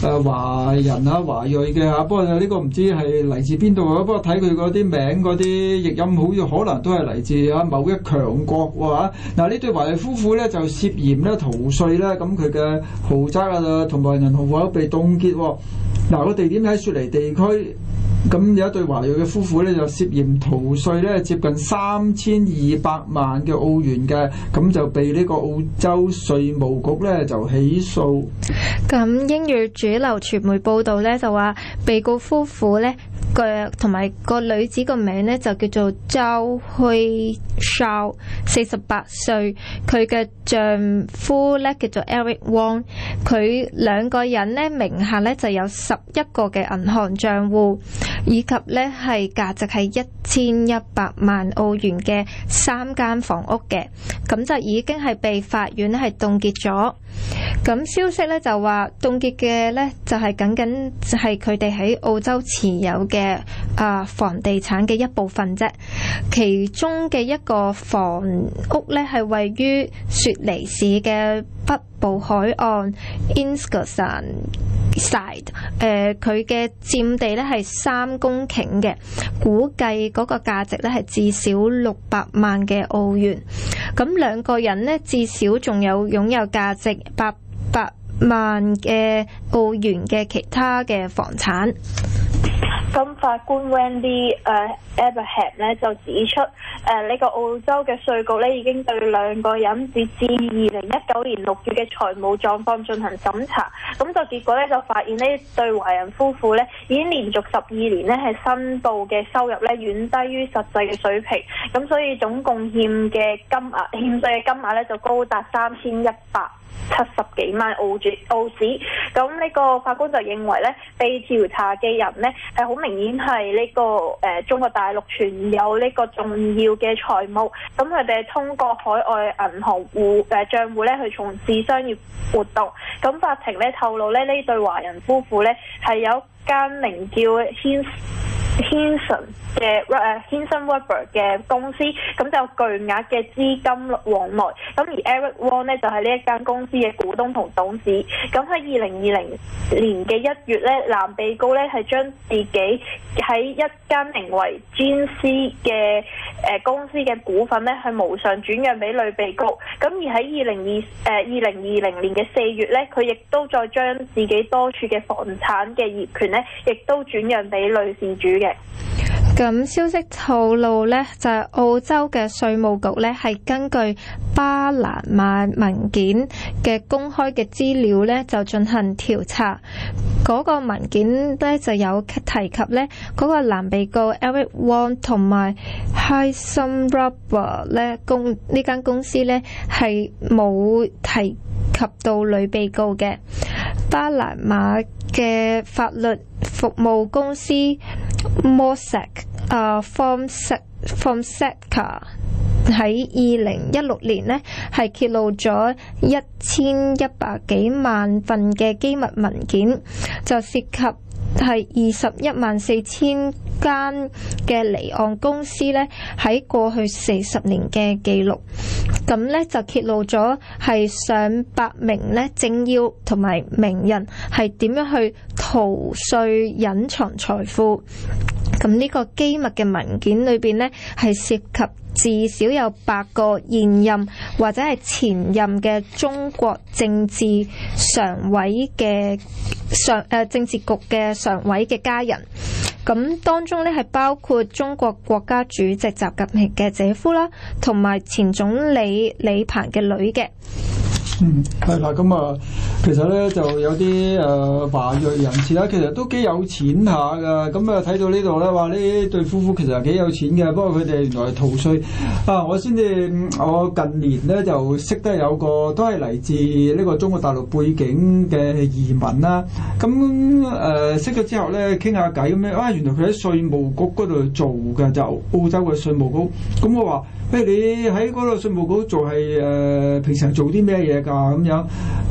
誒華人啊、華裔嘅吓。不過呢個唔知係嚟自邊度啊？不過睇佢嗰啲名嗰啲譯音，好似可能都係嚟自啊某一強國哇、啊。嗱、啊、呢、啊、對華裔夫婦咧就涉嫌咧逃稅啦、啊。咁佢嘅豪宅啊同埋銀行戶口被凍結、啊。嗱、啊，個地點喺雪梨地區。咁有一對華裔嘅夫婦咧，就涉嫌逃稅咧，接近三千二百萬嘅澳元嘅，咁就被呢個澳洲稅務局咧就起訴。咁英語主流傳媒報道咧，就話被告夫婦咧。腳同埋個女子個名咧就叫做周虛少，四十八歲。佢嘅丈夫咧叫做 Eric Wong。佢兩個人咧名下咧就有十一個嘅銀行賬戶，以及咧係價值係一千一百萬澳元嘅三間房屋嘅。咁就已經係被法院係凍結咗。咁消息咧就話凍結嘅呢就係僅僅就係佢哋喺澳洲持有嘅啊房地產嘅一部分啫，其中嘅一個房屋呢係位於雪梨市嘅。北部海岸 insgesan side，誒佢嘅佔地咧係三公頃嘅，估計嗰個價值咧係至少六百萬嘅澳元，咁兩個人呢，至少仲有擁有價值八百萬嘅澳元嘅其他嘅房產。咁法官 Wendy 誒 Abraham 咧就指出，誒、呃、呢、這個澳洲嘅稅局咧已經對兩個人截至二零一九年六月嘅財務狀況進行審查，咁就結果咧就發現呢對華人夫婦咧已經連續十二年咧係申報嘅收入咧遠低於實際嘅水平，咁所以總共欠嘅金額欠稅嘅金額咧就高達三千一百七十幾萬澳紙澳紙，咁呢個法官就認為咧被調查嘅人咧。係好明顯係呢、呢個誒、呃、中國大陸存有呢個重要嘅財務，咁佢哋通過海外銀行戶誒賬戶咧去從事商業活動，咁法庭咧透露咧呢對華人夫婦咧係有一間名叫牽。Hanson 嘅誒，Hanson Weber 嘅公司咁就有巨額嘅資金往來。咁而 Eric Wong 咧就係呢一間公司嘅股東同董事。咁喺二零二零年嘅一月咧，男被告咧係將自己喺一間名為 j i 嘅誒公司嘅股份咧，係無償轉讓俾女被告。咁而喺二零二誒二零二零年嘅四月咧，佢亦都再將自己多處嘅房產嘅業權咧，亦都轉讓俾女事主。咁消息透露呢，就係、是、澳洲嘅稅務局呢，係根據巴拿馬文件嘅公開嘅資料呢，就進行調查。嗰、那個文件呢，就有提及呢嗰、那個男被告 Eric Wong 同埋 Highsome Rubber、ah、呢公呢間公司呢，係冇提。及到女被告嘅巴拿馬嘅法律服務公司 Mossack、uh, s 啊，Fonsec Fonseca 喺二零一六年呢，係揭露咗一千一百幾萬份嘅機密文件，就涉及。係二十一萬四千間嘅離岸公司咧，喺過去四十年嘅記錄，咁咧就揭露咗係上百名咧政要同埋名人係點樣去逃稅隱藏財富，咁呢個機密嘅文件裏邊咧係涉及。至少有八個現任或者係前任嘅中國政治常委嘅常誒、呃、政治局嘅常委嘅家人，咁當中呢，係包括中國國家主席習近平嘅姐夫啦，同埋前總理李鵬嘅女嘅。嗯，係啦，咁啊，其實咧就有啲誒華裔人士啦，其實都幾有錢下噶，咁啊睇到呢度咧，話呢對夫婦其實幾有錢嘅，不過佢哋原來係逃稅啊！我先至我近年咧就識得有個都係嚟自呢個中國大陸背景嘅移民啦，咁、啊、誒、啊、識咗之後咧傾下偈咁咧，哇、啊！原來佢喺稅務局嗰度做嘅，就是、澳洲嘅稅務局，咁、嗯、我話。如、哎、你喺嗰度稅務局做係誒、呃，平常做啲咩嘢㗎咁樣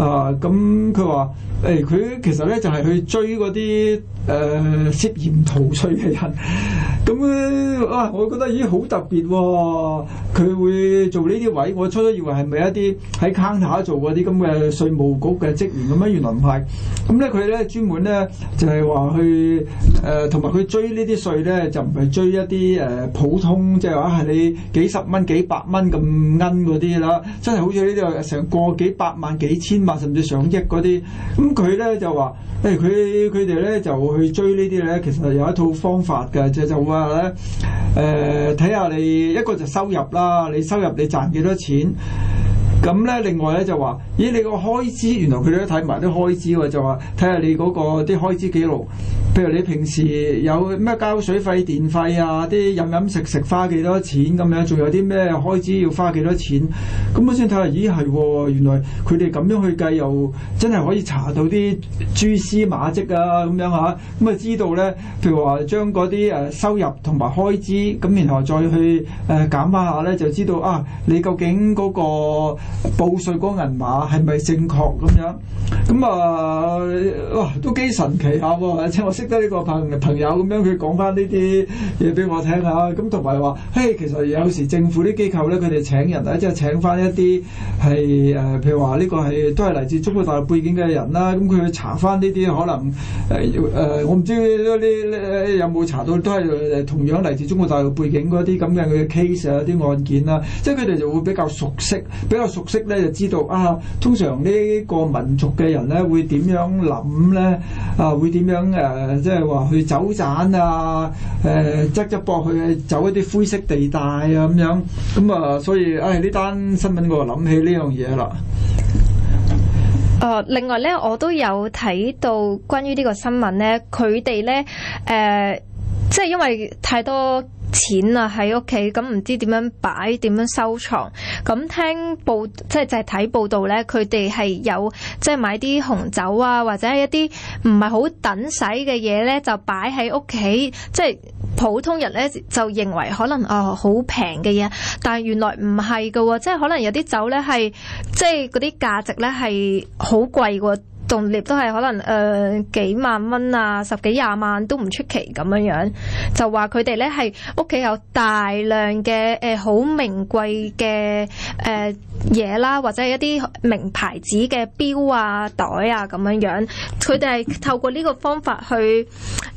啊？咁佢話，嗯誒佢、哎、其實咧就係、是、去追嗰啲誒涉嫌逃稅嘅人，咁、 嗯、啊，我覺得已經好特別喎、哦！佢會做呢啲位，我初初以為係咪一啲喺坑下做嗰啲咁嘅稅務局嘅職員咁樣，原來唔係。咁咧佢咧專門咧就係話去誒，同埋佢追呢啲稅咧，就唔、是、係、呃、追，追一啲誒、呃、普通，即係話係你幾十蚊、幾百蚊咁奀嗰啲啦，真係好似呢啲成個幾百萬、幾千萬甚至上億嗰啲咁。嗯咁佢咧就話，誒、哎，佢佢哋咧就去追呢啲咧，其實有一套方法嘅，就就話咧，誒、呃，睇下你一個就收入啦，你收入你賺幾多錢。咁咧，另外咧就話：咦，你個開支原來佢哋都睇埋啲開支喎，就話睇下你嗰個啲開支記錄。譬如你平時有咩交水費、電費啊，啲飲飲食食花幾多錢咁樣，仲有啲咩開支要花幾多錢？咁我先睇下，咦係喎，原來佢哋咁樣去計，又真係可以查到啲蛛絲馬跡啊咁樣嚇。咁啊知道咧，譬如話將嗰啲誒收入同埋開支，咁然後再去誒、呃、減翻下咧，就知道啊，你究竟嗰個。報稅嗰銀碼係咪正確咁樣？咁啊、呃，哇，都幾神奇下、啊、喎！而我識得呢個朋朋友咁樣，佢講翻呢啲嘢俾我聽下、啊。咁同埋話，嘿，其實有時政府啲機構咧，佢哋請人啊，即係請翻一啲係誒，譬如話呢個係都係嚟自中國大陸背景嘅人啦。咁佢去查翻呢啲可能誒誒、呃呃，我唔知呢有冇查到，都係同樣嚟自中國大陸背景嗰啲咁嘅佢嘅 case 啊，啲案件啦。即係佢哋就會比較熟悉，比較熟。熟悉咧就知道啊，通常呢個民族嘅人咧會點樣諗咧？啊，會點樣誒、呃？即係話去走盞啊？誒、呃，側一搏去走一啲灰色地帶啊？咁樣咁、嗯、啊，所以誒呢、啊、單新聞我諗起呢樣嘢啦。哦、呃，另外咧，我都有睇到關於呢個新聞咧，佢哋咧誒，即係因為太多。錢啊，喺屋企咁唔知點樣擺，點樣收藏咁聽報，即係就係、是、睇報道咧。佢哋係有即係、就是、買啲紅酒啊，或者係一啲唔係好等使嘅嘢咧，就擺喺屋企。即、就、係、是、普通人咧就認為可能哦好平嘅嘢，但係原來唔係㗎喎，即、就、係、是、可能有啲酒咧係即係嗰啲價值咧係好貴喎。動力都係可能，誒、呃，幾萬蚊啊，十幾廿萬都唔出奇咁樣樣。就話佢哋咧係屋企有大量嘅，誒，好名貴嘅誒嘢啦，或者係一啲名牌子嘅錶啊、袋啊咁樣樣。佢哋係透過呢個方法去誒、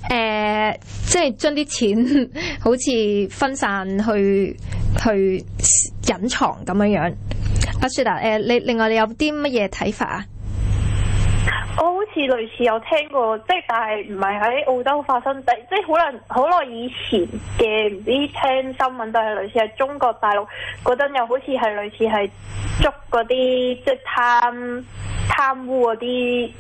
呃，即係將啲錢好似分散去去隱藏咁樣樣。阿雪達，誒、呃，你另外你有啲乜嘢睇法啊？似類似有聽過，即係但係唔係喺澳洲發生，即係可能好耐以前嘅，唔知聽新聞，但係類似係中國大陸嗰陣，又好似係類似係捉嗰啲即係貪貪污嗰啲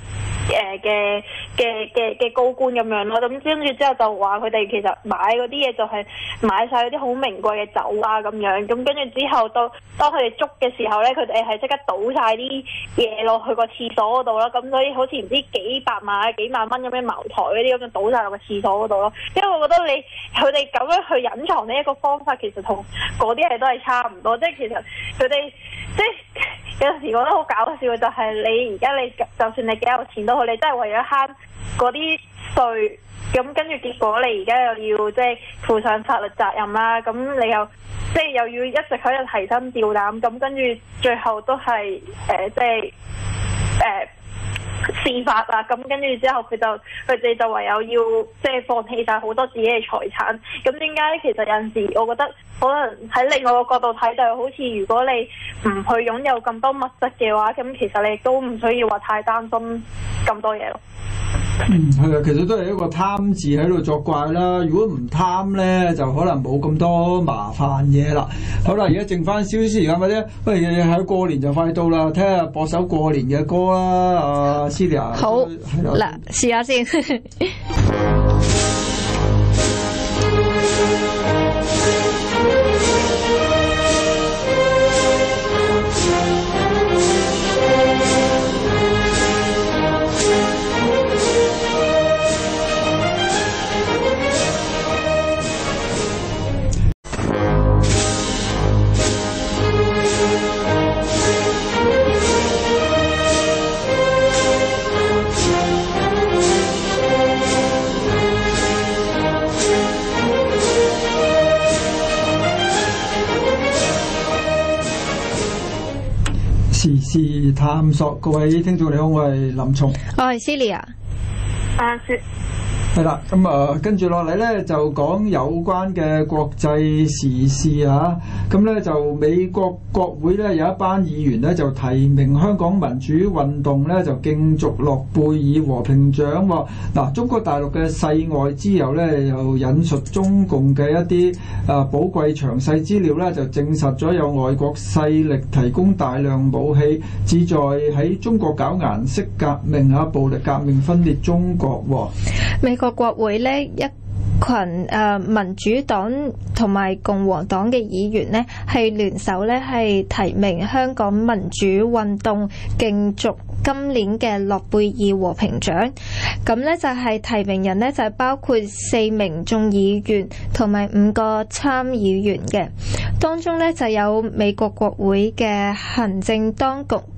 誒嘅嘅嘅嘅高官咁樣咯。咁跟住之後就話佢哋其實買嗰啲嘢就係買晒啲好名貴嘅酒啊咁樣。咁跟住之後到當當佢哋捉嘅時候咧，佢哋係即刻倒晒啲嘢落去個廁所嗰度啦。咁所以好似唔知。幾百萬、幾萬蚊咁樣，茅台嗰啲咁樣，倒晒落個廁所嗰度咯，因為我覺得你佢哋咁樣去隱藏呢一個方法，其實同嗰啲嘢都係差唔多。即係其實佢哋即係有時覺得好搞笑，嘅、就係，就係你而家你就算你幾有錢都好，你真係為咗慳嗰啲稅，咁跟住結果你而家又要即係負上法律責任啦。咁、嗯、你又即係又要一直喺度提心吊膽，咁跟住最後都係誒、呃，即係誒。呃呃事發啦，咁跟住之後佢就佢哋就唯有要即係放棄晒好多自己嘅財產，咁點解呢？其實有陣時我覺得可能喺另外個角度睇，就好似如果你唔去擁有咁多物質嘅話，咁其實你都唔需要話太擔心咁多嘢咯。嗯，係啊，其實都係一個貪字喺度作怪啦。如果唔貪咧，就可能冇咁多麻煩嘢啦。好啦，而家剩翻少少時間，咪啫不如喺，哎、過年就快到啦，聽下播首過年嘅歌啦。阿 Cilia，好嗱，試下先。 是探索，各位聽眾，你好，我係林松，我係 Celia 阿雪。 係啦，咁啊跟住落嚟呢就講有關嘅國際時事啊，咁呢就美國國會呢有一班議員呢就提名香港民主運動呢就競逐諾貝爾和平獎喎。嗱，中國大陸嘅世外之友呢又引述中共嘅一啲啊寶貴詳細資料呢就證實咗有外國勢力提供大量武器，旨在喺中國搞顏色革命啊、暴力革命、分裂中國。美國。個國會呢一群誒、呃、民主黨同埋共和黨嘅議員呢，係聯手呢，係提名香港民主運動競逐今年嘅諾貝爾和平獎，咁呢，就係、係、提名人呢，就係、包括四名眾議員同埋五個參議員嘅，當中呢，就有美國國會嘅行政當局。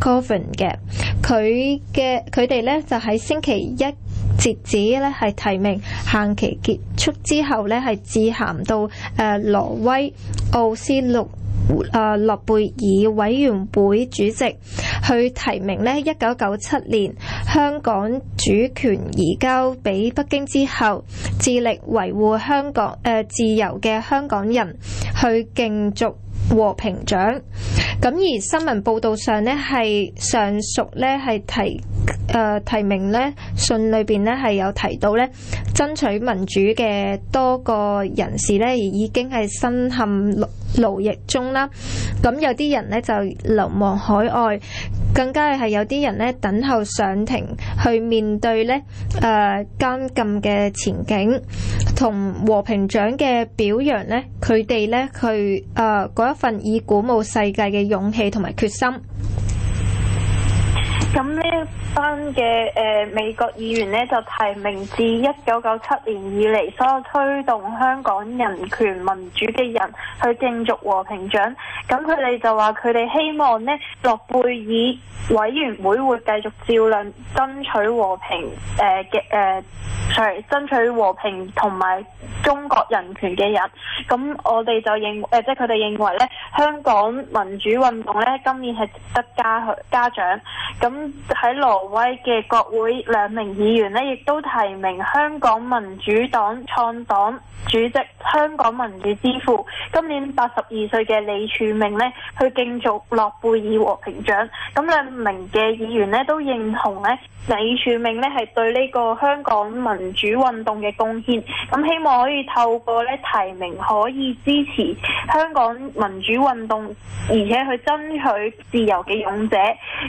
Govern 嘅佢嘅佢哋咧就喺星期一截止咧，係提名限期結束之後咧，係致函到誒挪威，呃、奧斯陸誒諾貝爾委員會主席，去提名咧一九九七年香港主權移交俾北京之後，致力維護香港誒，呃、自由嘅香港人去競逐。和平獎，咁而新聞報道上咧係上述咧係提誒提名咧信裏邊咧係有提到咧爭取民主嘅多個人士咧已經係身陷牢獄中啦，咁有啲人咧就流亡海外，更加係有啲人咧等候上庭去面對咧誒監禁嘅前景，同和平獎嘅表揚咧，佢哋咧佢誒嗰一一份以鼓舞世界嘅勇氣同埋決心。咁呢班嘅誒、呃、美國議員呢，就提名自一九九七年以嚟所有推動香港人權民主嘅人去競逐和平獎。咁佢哋就話，佢哋希望呢諾貝爾委員會會繼續照亮爭取和平誒嘅誒 sorry 爭取和平同埋中國人權嘅人。咁我哋就認，誒、呃，即係佢哋認為呢，香港民主運動呢，今年係值得加去加獎。咁喺挪威嘅國會兩名議員呢，亦都提名香港民主黨創黨主席、香港民主之父，今年八十二歲嘅李柱銘呢，去競逐諾貝爾和平獎。咁兩名嘅議員呢，都認同呢，李柱銘呢係對呢個香港民主運動嘅貢獻。咁希望可以透過呢提名，可以支持香港民主運動，而且去爭取自由嘅勇者。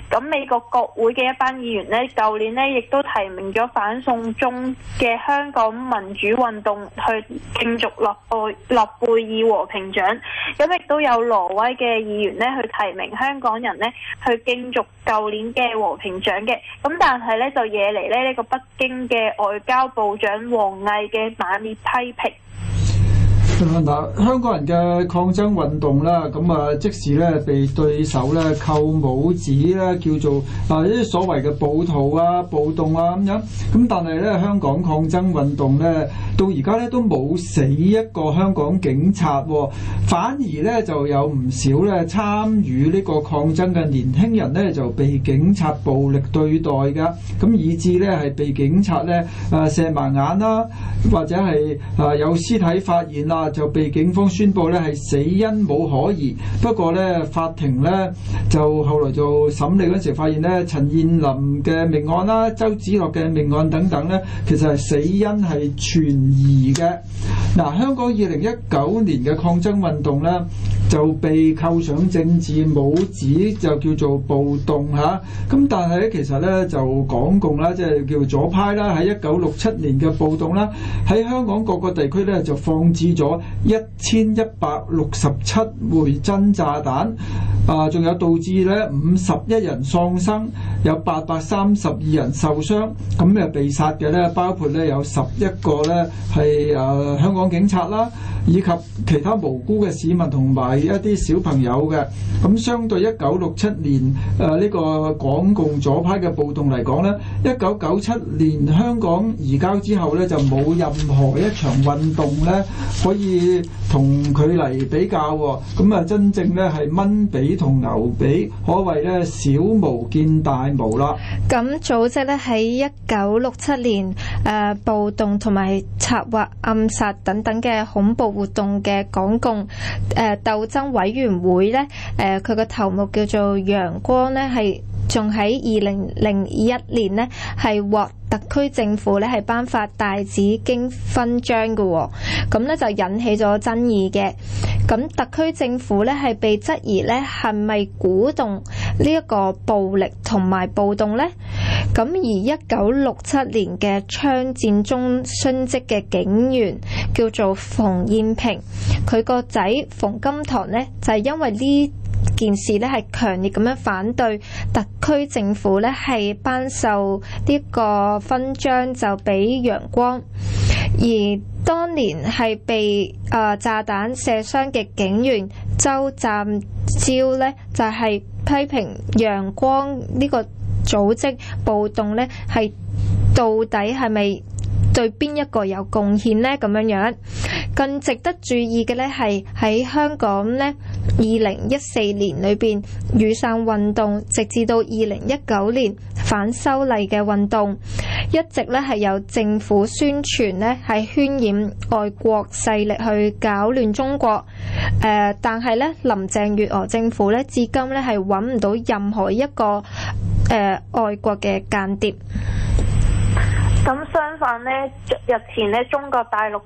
咁美國。國會嘅一班議員呢，舊年呢亦都提名咗反送中嘅香港民主運動去競逐諾貝諾貝爾和平獎，咁亦都有挪威嘅議員呢去提名香港人呢去競逐舊年嘅和平獎嘅，咁但係呢，就惹嚟呢呢個北京嘅外交部長王毅嘅猛烈批評。香港人嘅抗爭運動啦，咁啊，即使咧被對手咧扣帽子咧，叫做啊呢啲所謂嘅暴徒啊、暴動啊咁樣，咁但係咧香港抗爭運動咧到而家咧都冇死一個香港警察喎，反而咧就有唔少咧參與呢個抗爭嘅年輕人咧就被警察暴力對待㗎，咁以致咧係被警察咧誒射盲眼啦，或者係誒有屍體發現啦。就被警方宣布咧係死因冇可疑，不過咧法庭咧就後來就審理陣時發現咧陳彥霖嘅命案啦、周梓樂嘅命案等等咧，其實係死因係存疑嘅。嗱、啊，香港二零一九年嘅抗爭運動咧就被扣上政治帽子就叫做暴動吓，咁、啊、但係咧其實咧就港共啦，即、就、係、是、叫做左派啦，喺一九六七年嘅暴動啦，喺香港各個地區咧就放置咗。一千一百六十七枚真炸彈，啊，仲有導致咧五十一人喪生，有八百三十二人受傷，咁咧被殺嘅咧，包括咧有十一個咧係啊香港警察啦，以及其他無辜嘅市民同埋一啲小朋友嘅，咁相對一九六七年誒呢個港共左派嘅暴動嚟講咧，一九九七年香港移交之後咧就冇任何一場運動咧可以，同佢嚟比較喎、哦，咁啊真正咧係蚊髀同牛髀，可謂咧小無見大無啦。咁組織咧喺一九六七年誒、呃、暴動同埋策劃暗殺等等嘅恐怖活動嘅港共誒、呃、鬥爭委員會咧誒，佢個頭目叫做楊光咧係。仲喺二零零一年呢，係獲特區政府呢係頒發大紫荊勳章嘅、哦，咁呢就引起咗爭議嘅。咁特區政府呢係被質疑呢係咪鼓動呢一個暴力同埋暴動呢？咁而一九六七年嘅槍戰中殉職嘅警員叫做馮燕平，佢個仔馮金堂呢，就係、是、因為呢。件事呢係強烈咁樣反對特區政府呢係頒授呢個勛章就俾楊光，而當年係被啊、呃、炸彈射傷嘅警員周站招呢，就係、是、批評楊光呢個組織暴動呢係到底係咪？對邊一個有貢獻呢？咁樣樣，更值得注意嘅呢係喺香港呢。二零一四年裏邊雨傘運動，直至到二零一九年反修例嘅運動，一直呢係由政府宣傳呢係渲染外國勢力去搞亂中國。誒、呃，但係呢，林鄭月娥政府呢，至今呢係揾唔到任何一個誒、呃、外國嘅間諜。咁相反咧，日前咧，中國大陸。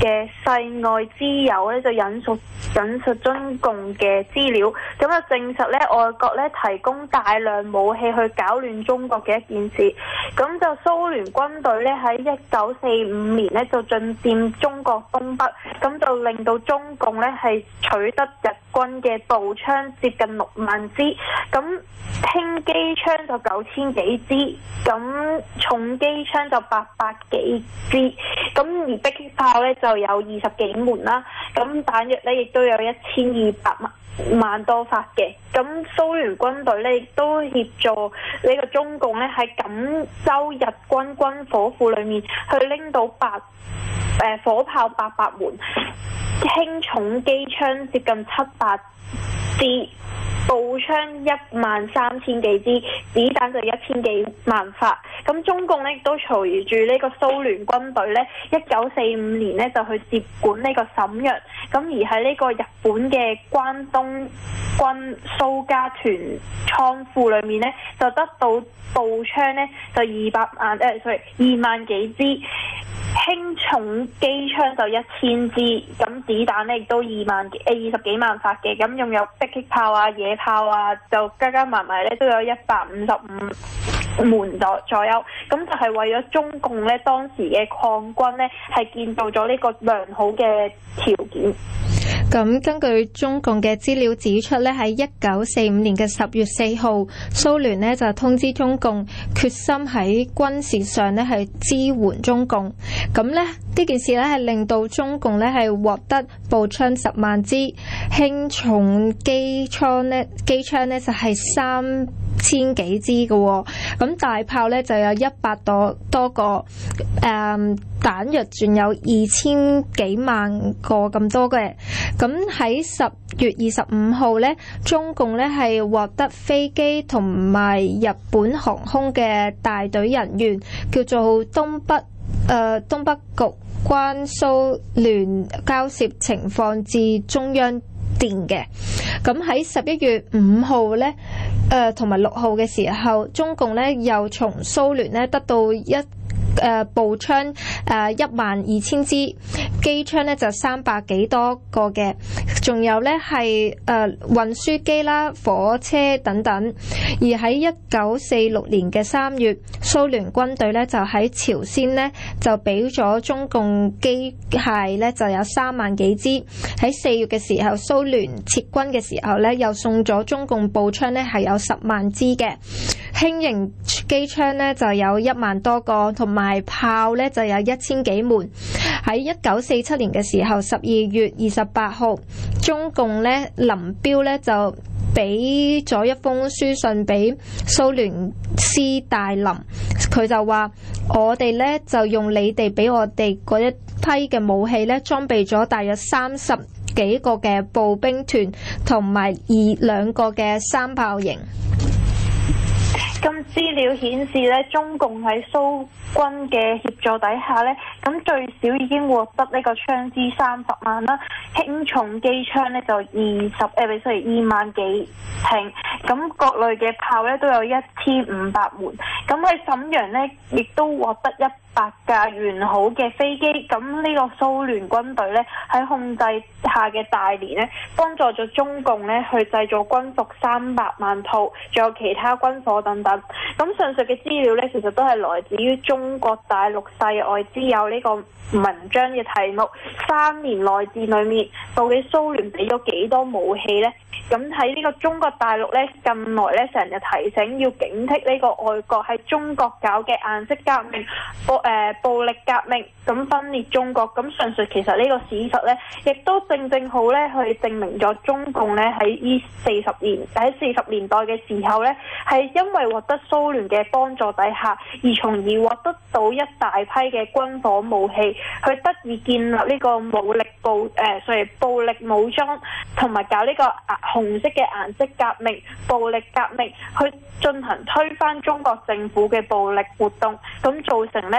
嘅世外之友咧就引述引述中共嘅資料，咁就證實咧外國咧提供大量武器去搞亂中國嘅一件事。咁就蘇聯軍隊呢，喺一九四五年呢就進占中國東北，咁就令到中共呢係取得日軍嘅步槍接近六萬支，咁輕機槍就九千幾支，咁重機槍就八百幾支，咁而迫擊炮咧。就有二十幾門啦，咁彈藥咧亦都有一千二百萬萬多發嘅。咁蘇聯軍隊咧亦都協助呢個中共咧喺錦州日軍軍火庫裏面去拎到八誒，火炮八百門，輕重機槍接近七百支，步槍一萬三千幾支，子彈就一千幾萬發。咁中共咧亦都隨住呢個蘇聯軍隊咧，一九四五年。咧就去接管呢個沈陽，咁而喺呢個日本嘅關東軍蘇家屯倉庫裏面呢就得到步槍呢就二百萬誒，哎、sorry、二萬幾支輕重機槍就一千支，咁子彈呢亦都二萬誒二十幾萬發嘅，咁仲有迫擊炮啊、野炮啊，就加加埋埋咧都有一百五十五。門左左右，咁就係為咗中共咧當時嘅抗軍咧，係建造咗呢個良好嘅條件。咁根據中共嘅資料指出呢，喺一九四五年嘅十月四號，蘇聯呢就通知中共決心喺軍事上呢係支援中共。咁呢呢件事呢係令到中共呢係獲得步槍十萬支，輕重機槍呢，機槍呢就係三千幾支嘅喎。咁大炮呢，就有一百多，多個誒。Um, 彈藥仲有二千幾萬個咁多嘅。咁喺十月二十五號呢，中共呢係獲得飛機同埋日本航空嘅大隊人員，叫做東北，誒、東北局關蘇聯交涉情況至中央電嘅。咁喺十一月五號呢，誒同埋六號嘅時候，中共呢又從蘇聯呢得到一誒、呃、步槍誒一萬二千支機槍咧就三百幾多個嘅，仲有咧係誒運輸機啦、火車等等。而喺一九四六年嘅三月，蘇聯軍隊咧就喺朝鮮咧就俾咗中共機械咧就有三萬幾支。喺四月嘅時候，蘇聯撤軍嘅時候咧又送咗中共步槍咧係有十萬支嘅輕型機槍咧就有一萬多個同埋。大炮咧就有一千幾門。喺一九四七年嘅時候，十二月二十八號，中共咧林彪咧就俾咗一封書信俾蘇聯斯大林，佢就話我哋咧就用你哋俾我哋嗰一批嘅武器咧，裝備咗大約三十幾個嘅步兵團，同埋二兩個嘅三炮營。咁資料顯示咧，中共喺蘇軍嘅協助底下咧，咁最少已經獲得呢個槍支三十萬啦，輕重機槍咧就二十誒，譬、哎、如二萬幾挺。咁各類嘅炮咧都有一千五百門，咁喺瀋陽咧亦都獲得一八架完好嘅飛機，咁呢個蘇聯軍隊呢喺控制下嘅大連呢，幫助咗中共呢去製造軍服三百萬套，仲有其他軍火等等。咁上述嘅資料呢，其實都係來自於中國大陸《世外之友》呢個文章嘅題目。三年內戰裏面，到底蘇聯俾咗幾多武器呢？咁喺呢個中國大陸呢，近來呢成日提醒要警惕呢個外國喺中國搞嘅顏色革命。我誒、呃、暴力革命咁分裂中國咁，純粹其實呢個事實呢，亦都正正好呢去證明咗中共呢喺呢四十年喺四十年代嘅時候呢，係因為獲得蘇聯嘅幫助底下，而從而獲得到一大批嘅軍火武器，去得以建立呢個武力暴誒、呃，所謂暴力武裝同埋搞呢個紅色嘅顏色革命、暴力革命去進行推翻中國政府嘅暴力活動，咁造成呢。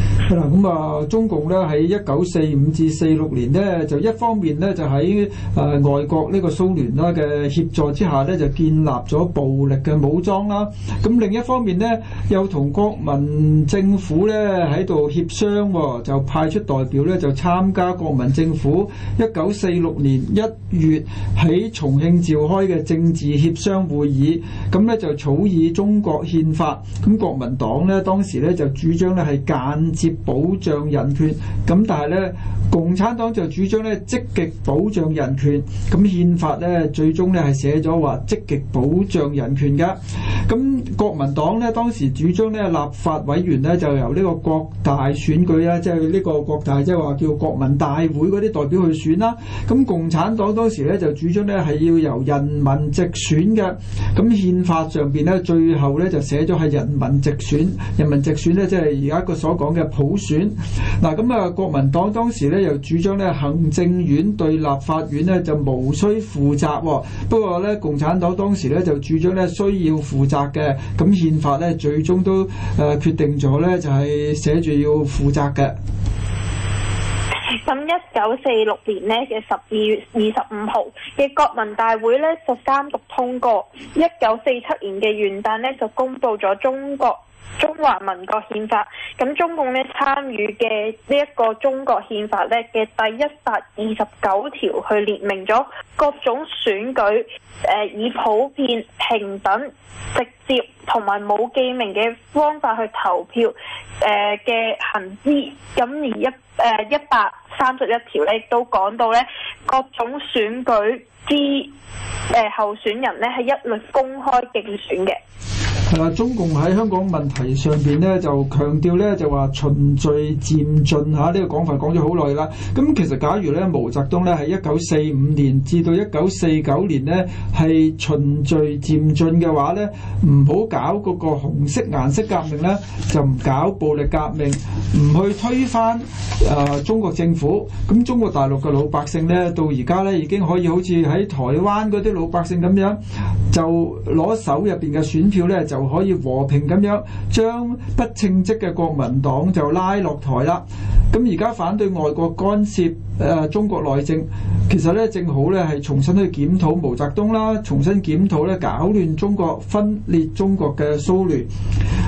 咁啊、嗯，中共咧喺一九四五至四六年呢，就一方面呢，就喺誒外國呢個蘇聯啦嘅協助之下呢，就建立咗暴力嘅武裝啦。咁另一方面呢，又同國民政府呢喺度協商，就派出代表呢，就參加國民政府一九四六年一月喺重慶召開嘅政治協商會議，咁呢，就草擬中國憲法。咁國民黨呢，當時呢，就主張呢，係間接。保障人權，咁但係咧，共產黨就主張咧積極保障人權，咁憲法咧最終咧係寫咗話積極保障人權嘅。咁國民黨咧當時主張咧立法委員咧就由呢個國大選舉啊，即係呢個國大即係話叫國民大會嗰啲代表去選啦。咁共產黨當時咧就主張咧係要由人民直選嘅。咁憲法上邊咧最後咧就寫咗係人民直選，人民直選咧即係而家佢所講嘅。普選嗱。咁啊，國民黨當時咧又主張咧，行政院對立法院咧就無需負責，哦。不過咧，共產黨當時咧就主張咧需要負責嘅。咁、嗯、憲法咧最終都誒、呃、決定咗咧，就係、是、寫住要負責嘅。咁一九四六年呢嘅十二月二十五號嘅國民大會呢，就三讀通過，一九四七年嘅元旦呢，就公布咗中國中華民國憲法。咁中共呢參與嘅呢一個中國憲法呢嘅第一百二十九條去列明咗各種選舉，誒、呃、以普遍平等直接同埋冇記名嘅方法去投票，誒、呃、嘅行之。咁而一誒，一百三十一條咧，都講到咧各種選舉之誒、呃、候選人咧，係一律公開競選嘅。係啦，中共喺香港問題上邊咧，就強調咧就話循序漸進嚇呢個講法講咗好耐啦。咁其實假如咧，毛澤東咧喺一九四五年至到一九四九年咧係循序漸進嘅話咧，唔好搞嗰個紅色顏色革命咧，就唔搞暴力革命，唔去推翻誒中國政府。咁中國大陸嘅老百姓咧，到而家咧已經可以好似喺台灣嗰啲老百姓咁樣，就攞手入邊嘅選票咧就。就可以和平咁樣將不稱職嘅國民黨就拉落台啦。咁而家反對外國干涉誒、呃、中國內政，其實咧正好咧係重新去檢討毛澤東啦，重新檢討咧搞亂中國、分裂中國嘅蘇聯。